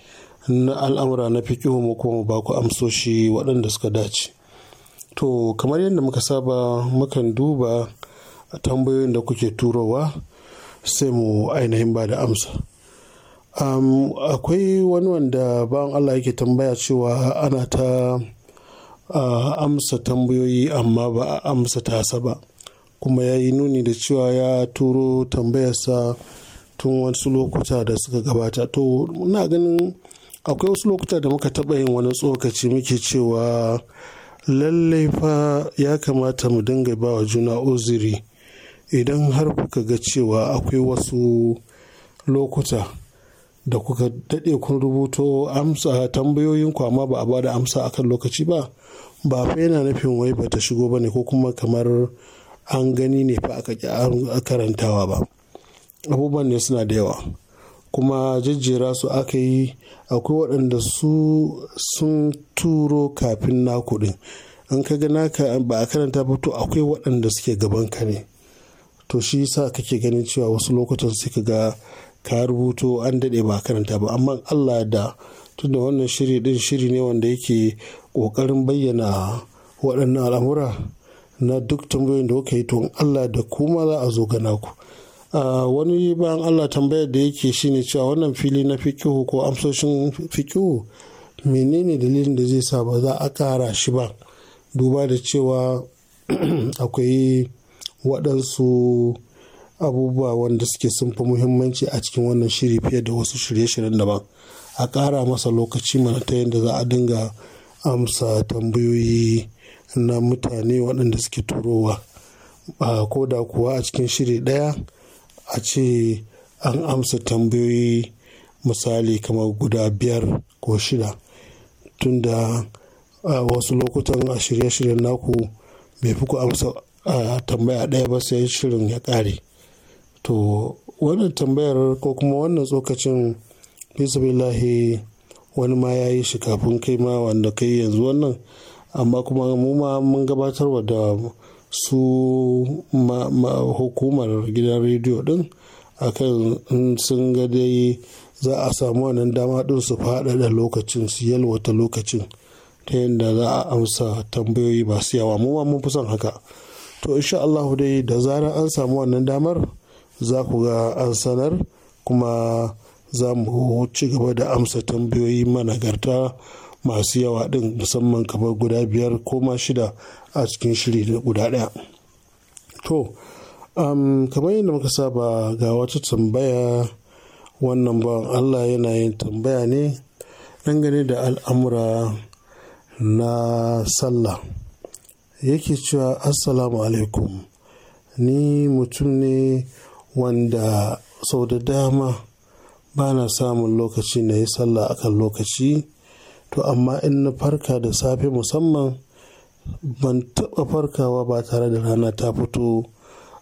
na al'amura na fikihu mu kuma ba ku amsoshi waɗanda suka dace to kamar yadda muka saba mukan duba tambayoyin da kuke turowa sai mu ainihin ba da amsa um, akwai wani wanda bayan allah yake tambaya cewa ana ta uh, amsa tambayoyi amma ba a amsa tasa ba kuma ya yi nuni da cewa ya turo tambayarsa tun wasu lokuta da suka gabata to na ganin akwai wasu lokuta da muka taɓa yin wani tsokaci muke cewa lallai fa ya kamata mu dinga ba wa juna uziri idan har kuka ga cewa akwai wasu lokuta da kuka daɗe kun rubuto amsa ku amma ba a bada amsa akan lokaci ba ba fa yana nufin wai ba ta shigo ba ne ko kuma kamar an gani ne fa aka karantawa ba abubuwan ne suna da yawa kuma jejjera su aka yi akwai waɗanda su sun turo kafin naku ɗin an ka ga naka ba a karanta ba to akwai waɗanda suke gaban ka ne to shi sa kake ganin cewa wasu lokutan suka ga ka rubuto an daɗe ba karanta ba amma allah da tunda wannan shiri din shiri ne wanda yake ƙoƙarin bayyana waɗannan al'amura na duk tambayoyin da kuka yi to allah da kuma za a zo gana ku wani bayan allah tambayar da yake shine cewa wannan fili na fikihu ko amsoshin fikihu menene dalilin da zai sa ba za a ƙara shi ba duba da cewa akwai waɗansu abubuwa wanda suke sun fi muhimmanci a cikin wannan shiri fiye da wasu shirye-shiryen daban a ƙara masa lokaci mana ta yadda za a dinga amsa tambayoyi na mutane waɗanda suke turowa ko da kuwa a cikin shiri ɗaya a ce an amsa tambayoyi misali kamar guda biyar ko shida tunda a wasu lokutan a shirye-shiryen naku bai fi ku amsa tambaya ɗaya ba sai shirin ya ƙare to wannan tambayar ko kuma wannan tsokacin bismillahi wani ma ya yi shi kafin kai ma wanda kai yanzu wannan amma kuma mu ma mun gabatar da su hukumar gidan rediyo din akan sun ga dai za a samu wannan dama din su faɗaɗa lokacin su yalwata lokacin ta yadda za a amsa tambayoyi masu yawa mu ma mun fi son haka to insha Allah dai da zarar an samu wannan damar za ku ga an sanar kuma za mu ci gaba da amsa tambayoyi managarta masu yawa ɗin musamman kamar guda biyar ko ma shida a cikin shiri guda ɗaya. To, um, kamar yadda muka saba ga wata tambaya wannan ba Allah yana yin tambaya ne dangane da al'amura na sallah. yake cewa assalamu alaikum ni mutum ne wanda sau da dama ba na samun lokaci na yi sallah akan lokaci to amma in na farka da safe musamman ban taɓa farkawa ba tare da rana ta fito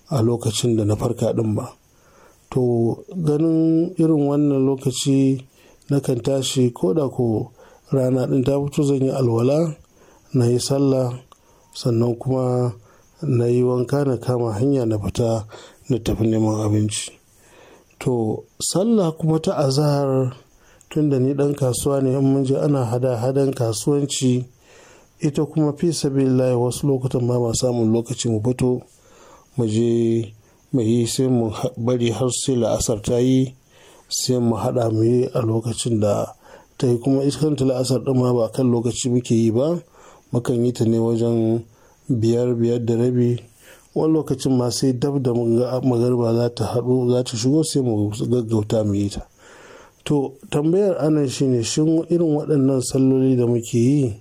a lokacin da na farka ɗin ba to ganin irin wannan lokaci na kan tashi ko da ko rana ɗin ta fito zan yi alwala na yi sallah sannan kuma na yi wanka na kama hanya na fita na tafi neman abinci to sallah kuma ta azahar tunda ni dan kasuwa ne in mun je ana hada-hadan kasuwanci ita kuma fi sabilillahi wasu lokutan ma ba samun lokaci mu fito mu je mu yi sai mu bari har sai la'asar ta yi sai mu hada mu yi a lokacin da ta yi kuma iskanta la'asar din ma ba kan lokaci muke yi ba mukan yi ta ne wajen biyar biyar da rabi wani lokacin ma sai dab da magarba za ta haɗu za ta shigo sai mu gaggauta mu yi ta to tambayar anan shine shin irin waɗannan salloli da muke yi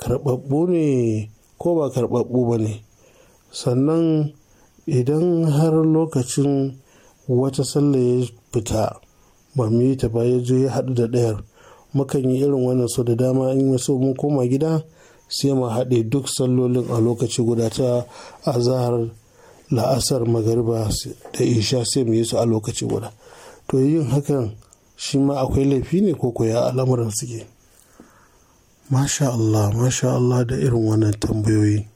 karɓaɓɓu ne ko ba karɓaɓɓu ba ne sannan idan har lokacin wata sallah ya fita ba mu yi ta ba ya zo ya haɗu da ɗayar mukan yi irin wannan so da dama in so mun koma gida sai mu haɗe duk sallolin a lokaci guda ta azahar la'asar magariba da isha sai mu yi su a lokaci guda to yin hakan shi ma akwai laifi ne ko koya al'amuran suke masha Allah masha Allah da irin wannan tambayoyi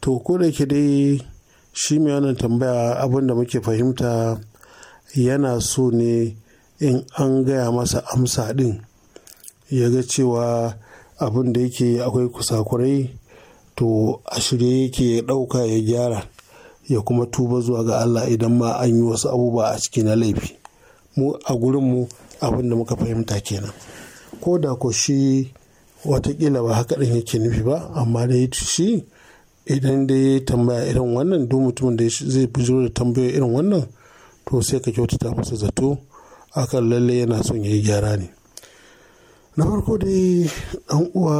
to ko da ke dai shi mai wannan tambaya abin da muke fahimta yana so ne in an gaya masa amsa ɗin ya ga cewa abin da yake akwai kusakurai to a shirye yake ɗauka ya gyara ya kuma tuba zuwa ga Allah idan ma an yi wasu abubuwa a ciki na laifi mu a mu abin da muka fahimta kenan ko da ko shi watakila ba haka ɗin yake nufi ba amma dai shi idan da ya tambaya irin wannan duk mutumin da zai bujiro da tambaya irin wannan to sai ka kyautata masa zato akan lalle yana son ya yi gyara ne na farko dai ɗan uwa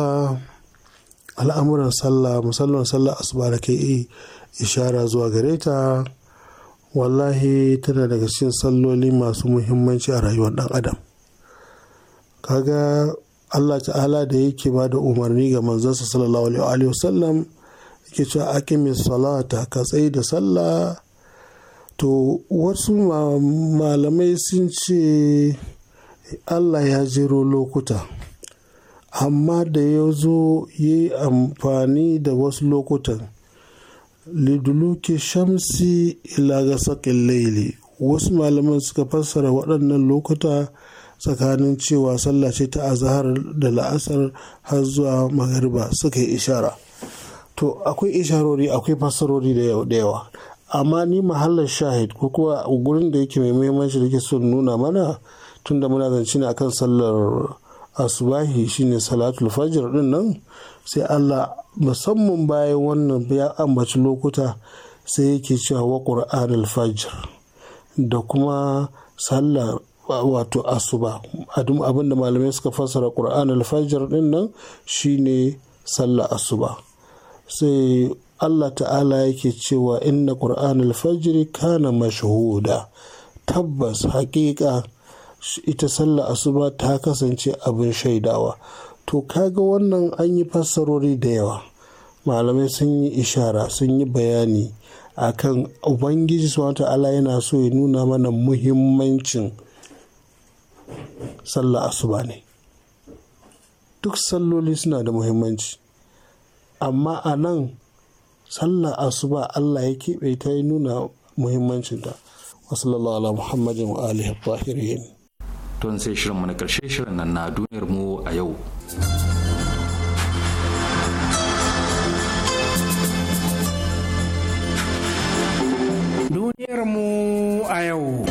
al'amuran sallah musallin sallah asuba da ke ishara zuwa gare ta wallahi tana daga cikin salloli masu muhimmanci a rayuwar dan adam kaga allah ta'ala da yake ba da umarni ga manzansa sallallahu alaihi wasallam yake cewa akimin salata ka tsaye da sallah to wasu malamai sun ce Allah ya jiro lokuta amma da ya zo ya yi amfani da wasu lokutan liduluki shamsi ila ga sakin laili wasu malaman suka fassara waɗannan lokuta tsakanin cewa sallah ce ta azahar da la'asar har zuwa magariba suka yi ishara to akwai isharori akwai fassarori da yawa amma ni mahallar shahid ko kuwa gurin da yake mai muhimmanci da ke son nuna mana tunda muna zance ne akan sallar asubahi shine salatul fajr din nan sai Allah musamman bayan wannan ya ambaci lokuta sai yake cewa wa qur'anul fajr da kuma sallar wato asuba abin da malamai suka fassara qur'anul fajr din nan shine sallar asuba sai Allah ta'ala yake cewa inna qur'anul fajr kana mashhuda tabbas haƙiƙa ita sallar asuba ta kasance abin shaidawa to kaga wannan an yi fassarori da yawa malamai sun yi ishara sun yi bayani akan ubangiji subhanahu ala yana so ya nuna mana muhimmancin sallah asuba ne duk salloli suna da muhimmanci amma a nan sallah asuba allah ya keɓe ta yi nuna muhimmancinta wasu lalala muhammadin wa alihi don sai shirinmu na karshe shirin nan na duniyar mu a yau duniyar mu a yau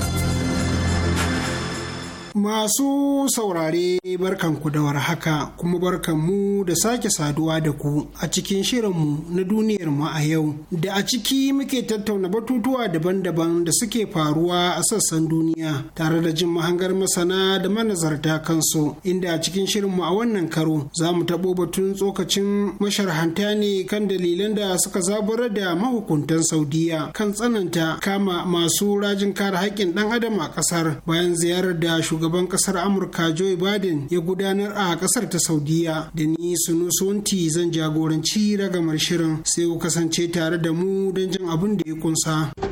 Masu saurare barkanku da warhaka kuma barkanmu da sake saduwa da ku a cikin shirinmu na duniyarmu a yau da a ciki muke tattauna batutuwa daban-daban da suke faruwa a sassan duniya tare da jin mahangar masana da manazarta kansu inda a cikin shirinmu a wannan karo za mu taɓo batun tsokacin masharhanta ne kan dalilan da suka zaburar da mahukuntan saudiya kan tsananta kama masu rajin kare haƙƙin ɗan adam a ƙasar bayan ziyarar da shugaban shugaban kasar amurka joe biden ya gudanar a kasar ta saudiya da ni sunu sonti zan jagoranci ragamar shirin sai ku kasance tare da mu don jin abin da ya kunsa.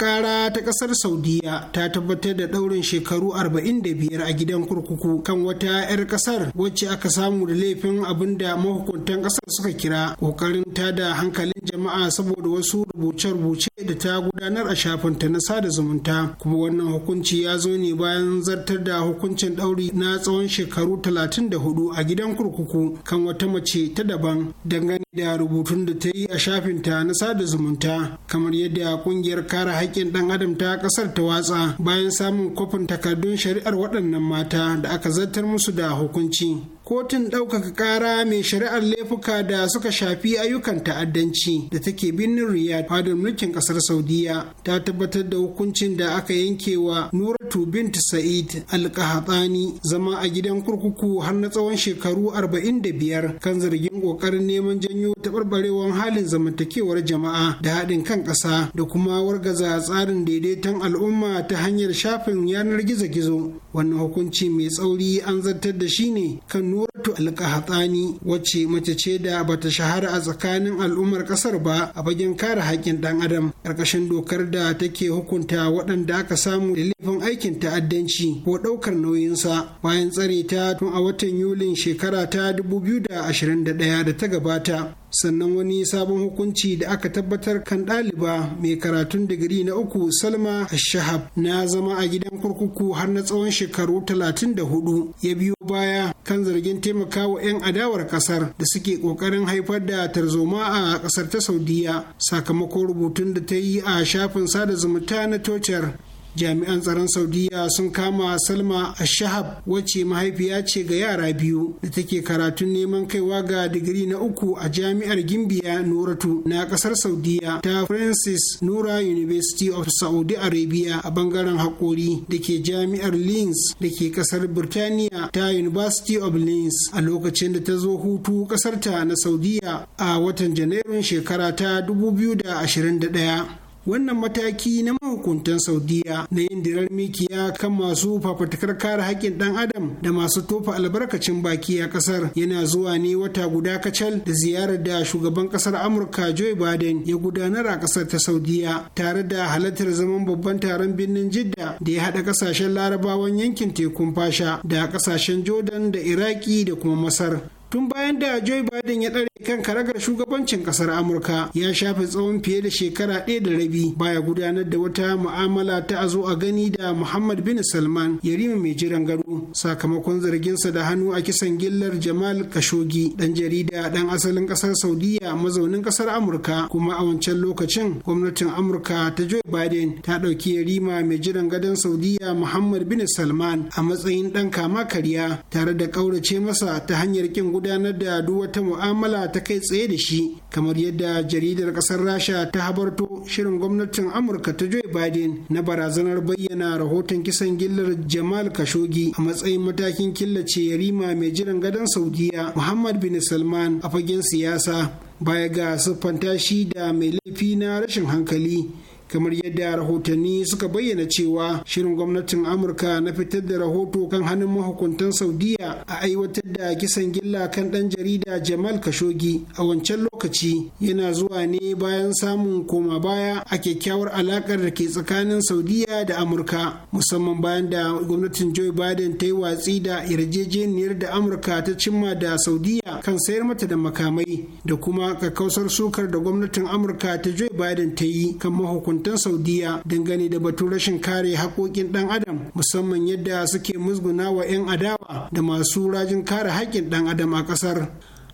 kara ta kasar saudiya ta tabbatar da daurin shekaru 45 a gidan kurkuku kan wata 'yar kasar wacce aka samu da laifin abin da mahukuntan kasar suka kira kokarin ta da hankalin jama'a saboda wasu rubuce-rubuce da ta gudanar a shafinta na sada zumunta kuma wannan hukunci ya zo ne bayan zartar da hukuncin dauri na tsawon shekaru 34 a gidan kurkuku kan wata mace ta daban dangane da rubutun da ta yi a shafinta na sada zumunta kamar yadda kungiyar kare haƙƙin ɗan adam ta ƙasar ta watsa bayan samun kofin takardun shari'ar waɗannan mata da aka zartar musu da hukunci kotun ɗaukaka ƙara mai shari'ar laifuka da suka shafi ayyukan ta'addanci da take birnin riyad fadar mulkin ƙasar saudiya ta tabbatar da hukuncin da aka yanke wa nuratu bint sa'id alƙahatsani zama a gidan kurkuku har na tsawon shekaru arba'in da biyar, kan zargin ƙoƙarin neman janyo taɓarɓarewar halin zamantakewar jama'a da haɗin kan ƙasa da kuma wargaza tsarin daidaiton al'umma ta hanyar shafin yanar gizo-gizo wannan hukunci mai tsauri an zartar da shi ne kan nuratu alkahatsani wacce mace ce da bata shahara a tsakanin al'ummar kasar ba a bagen kare haƙƙin ɗan adam ƙarƙashin dokar da take hukunta waɗanda aka samu da laifin aikin ta'addanci ko ɗaukar nauyinsa bayan tsare ta tun a watan yulin shekara ta dubu da ɗaya da ta gabata sannan wani sabon hukunci da aka tabbatar kan ɗaliba mai karatun digiri na uku salma shahab na zama a gidan kurkuku har na tsawon shekaru talatin da hudu, ya biyo baya kan zargin taimakawa 'yan adawar kasar da suke kokarin haifar da tarzoma a kasar ta saudiya sakamakon rubutun da ta yi a shafin sada zumunta na tocar jami'an tsaron saudiya sun kama salma al-Shahab wacce mahaifiya ce ga yara biyu da take karatun neman kaiwa ga digiri na uku a jami'ar gimbiya nuratu na kasar saudiya ta francis nura university of saudi arabia a bangaren Hakori, da ke jami'ar lins da ke kasar birtaniya ta university of lins a lokacin da ta zo hutu kasarta na saudiya a watan janairun shekara ta 2021 wannan mataki na mahukuntan saudiya na yin dirar mikiya kan masu fafatakar kare haƙƙin ɗan adam da masu tofa albarkacin baki a ƙasar yana zuwa ne wata guda kacal da ziyarar da shugaban ƙasar amurka joe biden ya gudanar a ƙasar ta saudiya tare da halartar zaman babban taron birnin jidda da ya haɗa ƙasashen larabawan yankin tekun fasha da ƙasashen jordan da iraki da kuma masar tun bayan da joe biden ya ɗare kan karagar shugabancin ƙasar amurka ya shafe tsawon fiye da shekara ɗaya da rabi baya gudanar da wata mu'amala ta a zo a gani da muhammad bin salman yarima mai jiran gado sakamakon zarginsa da hannu a kisan gillar jamal kashogi ɗan jarida ɗan asalin ƙasar saudiya mazaunin ƙasar amurka kuma a wancan lokacin gwamnatin amurka ta joe biden ta ɗauki yarima mai jiran gadon saudiya muhammad bin salman a matsayin ɗan kama karya tare da ƙaurace masa ta hanyar kin gudanar da duk wata mu'amala ta kai tsaye da shi kamar yadda jaridar kasar rasha ta habarto shirin gwamnatin amurka ta joe biden na barazanar bayyana rahoton kisan gillar jamal kashogi a matsayin matakin killace yarima mai jiran gadon saudiya muhammad bin salman a fagen siyasa baya ga siffanta shi da mai laifi na rashin hankali kamar yadda rahotanni suka bayyana cewa shirin gwamnatin amurka na fitar da rahoto kan hannun mahukuntan saudiya a aiwatar da kisan gilla kan dan jarida jamal kashogi a wancan lokaci yana zuwa ne bayan samun koma baya a kyakkyawar alakar da ke tsakanin saudiya da amurka musamman bayan da gwamnatin joe biden ta yi watsi da yarjejeniyar da amurka ta cimma da saudiya kan sayar mata da makamai da kuma kakkausar sukar da gwamnatin amurka ta joe biden ta yi kan mahukuntan mahukuntan saudiya dangane da batun rashin kare haƙoƙin ɗan adam musamman yadda suke musguna wa 'yan adawa da masu rajin kare haƙƙin ɗan adam a ƙasar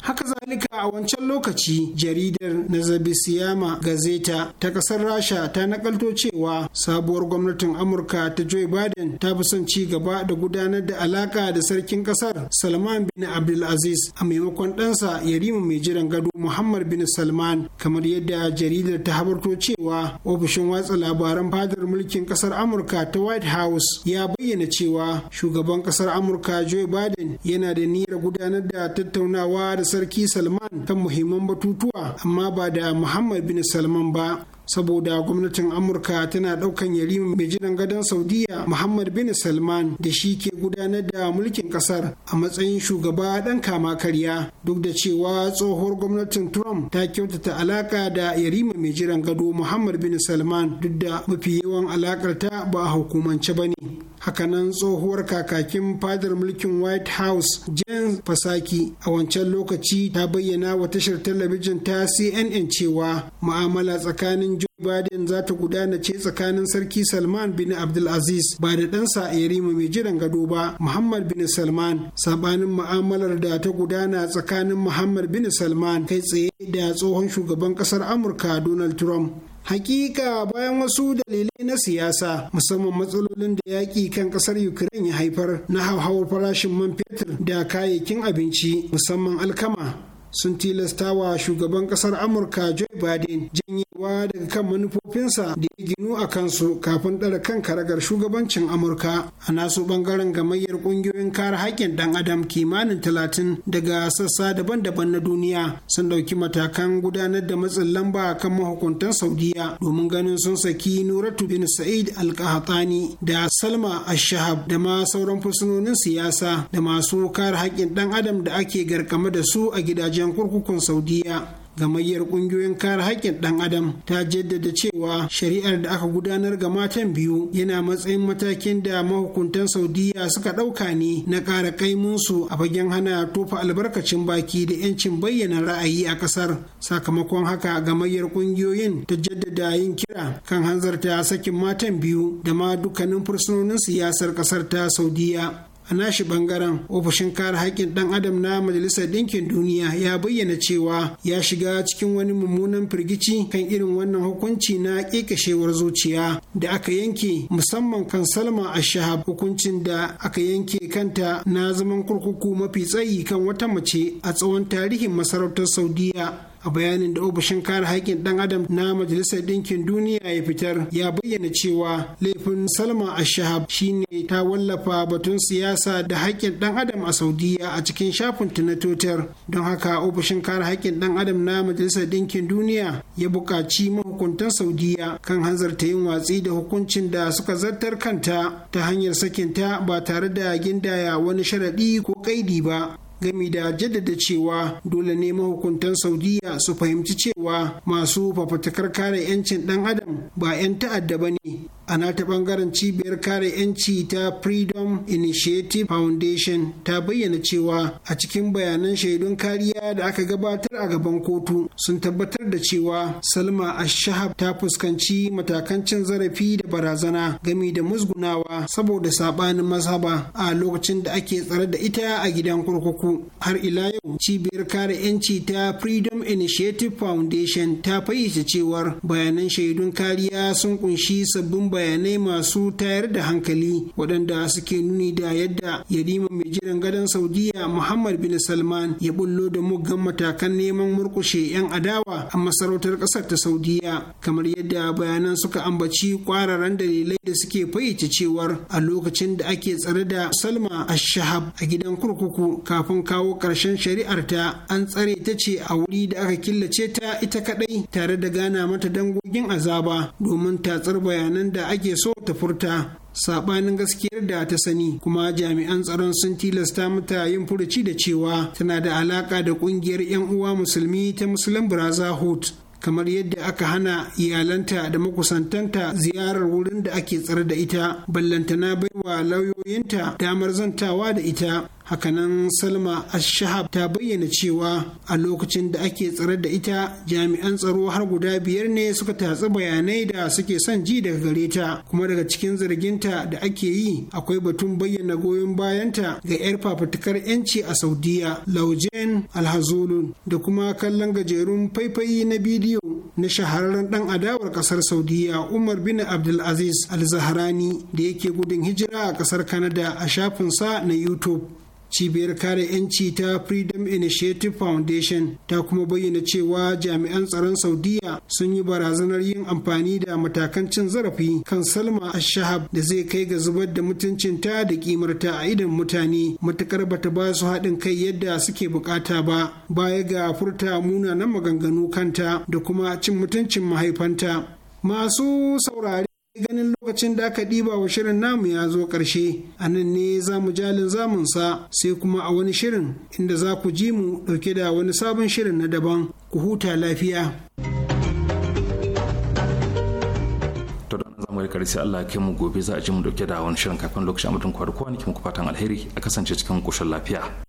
haka zalika a wancan lokaci jaridar nazabisiyama gazeta ta kasar rasha ta nakalto cewa sabuwar gwamnatin amurka ta joe biden ta fi son ci gaba da gudanar da alaka da sarkin kasar salman bin abdulaziz a maimakon ɗansa yarima mai jiran gado muhammad bin salman kamar yadda jaridar ta habarto cewa ofishin watsa labaran fadar mulkin kasar amurka ta white house ya bayyana cewa shugaban kasar amurka joe biden yana da niyyar gudanar da tattaunawa da sarki salman kan muhimman batutuwa amma ba da muhammad bin salman ba saboda gwamnatin amurka tana daukan yarima mai jiran gadon saudiya muhammad bin salman da shi ke gudanar da mulkin kasar a matsayin shugaba dan kama karya duk da cewa tsohuwar gwamnatin trump ta kyautata alaka da yarima mai jiran gado muhammad bin salman duk da mafi yawan alakar ta ba a hukumance ba ne hakanan tsohuwar kakakin fadar mulkin white house James fasaki a wancan lokaci ta bayyana wa tashar talabijin ta cnn cewa ma'amala tsakanin Joe Biden za ta gudana ce tsakanin Sarki Salman bin Abdulaziz ba da ɗan ɗansa Yarima mai jiran gado ba Muhammad bin Salman sabanin ma'amalar da ta gudana tsakanin Muhammad bin Salman kai tsaye da tsohon shugaban ƙasar Amurka Donald Trump. hakika bayan wasu dalilai na siyasa musamman matsalolin da yaƙi kan ƙasar ukraine ya haifar na hauhawar farashin man fetur da kayayyakin abinci musamman alkama sun tilasta wa shugaban ƙasar amurka joe biden janye kuwa daga kan manufofinsa da ya ginu a kansu kafin ɗara kan karagar shugabancin amurka a nasu ɓangaren gamayyar ƙungiyoyin kare haƙƙin ɗan adam kimanin talatin daga sassa daban-daban na duniya sun ɗauki matakan gudanar da matsin lamba kan mahukuntan saudiya domin ganin sun saki nuratu bin sa'id alƙahatani da salma ashahab da ma sauran fursunonin siyasa da masu kare haƙƙin ɗan adam da ake garkama da su a gidajen kurkukun saudiya gamayyar ƙungiyoyin kare haƙƙin ɗan adam ta jaddada cewa shari'ar da aka gudanar ga matan biyu yana matsayin matakin da mahukuntan Saudiyya suka ɗauka ne na ƙara kaimunsu a fagen hana tofa albarkacin baki da 'yancin bayyana ra'ayi a ƙasar sakamakon haka gamayyar ƙungiyoyin ta jaddada yin kira kan hanzarta sakin matan biyu da ma dukkanin fursunonin siyasar ƙasar ta Saudiyya. a nashi bangaren ofishin kare haƙƙin ɗan adam na majalisar ɗinkin duniya ya bayyana cewa ya shiga cikin wani mummunan firgici kan irin wannan hukunci na ƙeƙashewar zuciya da aka yanke musamman kan salma a shahab hukuncin da aka yanke kanta na zaman kurkuku mafi tsayi kan wata mace a tsawon tarihin masarautar saudiya a bayanin da ofishin kare haƙƙin ɗan adam na majalisar ɗinkin duniya ya fitar ya bayyana cewa laifin salma ashahab shine ta wallafa batun siyasa da haƙƙin ɗan adam a saudiya a cikin shafin ta na twitter don haka ofishin kare haƙƙin ɗan adam na majalisar ɗinkin duniya ya buƙaci mahukuntan saudiya kan hanzarta yin watsi da hukuncin da suka zartar kanta ta hanyar sakinta ba tare da gindaya wani sharaɗi ko ƙaidi ba gami da jaddada cewa dole ne mahukuntan saudiya su fahimci cewa masu fafatakar kare 'yancin ɗan adam ba 'yan ta'adda ba ne ana ta bangaren cibiyar kare 'yanci ta freedom initiative foundation ta bayyana cewa a cikin bayanan shaidun kariya da aka gabatar a gaban kotu sun tabbatar da cewa salma ashahab ta fuskanci matakan cin zarafi da barazana gami da musgunawa saboda sabanin mazhaba a lokacin da ake tsare da ita a gidan kurkuku har ila yau cibiyar kare 'yanci ta freedom initiative foundation ta fayyace cewar bayanan shaidun kariya sun kunshi sabbin bayanai masu tayar da hankali waɗanda suke nuni da yadda yarima mai jiran gadon saudiya muhammad bin salman ya bullo da muggan matakan neman murkushe 'yan adawa a masarautar ƙasar ta saudiya kamar yadda bayanan suka ambaci kwararan dalilai da suke fayyace cewar a lokacin da ake tsare da salma shahab a gidan kurkuku kafin kawo ƙarshen shari'arta an tsare ta ce a wuri da aka killace ta ita kaɗai tare da gana mata dangogin azaba domin tatsar bayanan da da ake so ta furta sabanin gaskiyar da ta sani kuma jami'an tsaron sun tilasta mata yin furuci da cewa tana da alaka da kungiyar 'yan uwa musulmi ta muslim brotherhood kamar yadda aka hana iyalanta da makusantanta ziyarar wurin da ake tsare da ita ballantana baiwa lauyoyinta damar zantawa da ita hakanan salma ashahab ta bayyana cewa a lokacin da ake tsare da ita jami'an tsaro har guda biyar ne suka tatsi bayanai da suke son ji daga gare ta kuma daga cikin zarginta da ake yi akwai batun bayyana goyon bayanta ga 'yar fafutukar 'yanci a saudiya laujen alhazulun da kuma kallon gajerun faifai na bidiyo na shahararren dan adawar kasar saudiya umar bin abdulaziz al-zahrani da yake gudun hijira a kasar kanada a shafinsa na youtube cibiyar kare 'yanci ta freedom initiative foundation ta kuma bayyana cewa jami'an tsaron saudiya sun yi barazanar yin amfani da matakan cin zarafi kan salma ashahab da zai kai ga zubar da mutuncinta da kimarta a idon mutane matukar bata ba su haɗin kai yadda suke bukata ba baya ga furta munanan maganganu kanta da kuma cin mutuncin mahaifanta masu saurare ganin lokacin da aka ɗiba wa shirin namu ya zo ƙarshe a nan ne za mu jalin zamunsa sai kuma a wani shirin inda za ku ji mu ɗauke da wani sabon shirin na daban ku huta lafiya. to da za yi karshe Allah ke mu gobe za a ji mu ɗauke da wani shirin kafin lokacin amintun kwarkwa ne ke mu fatan alheri a kasance cikin kushen lafiya.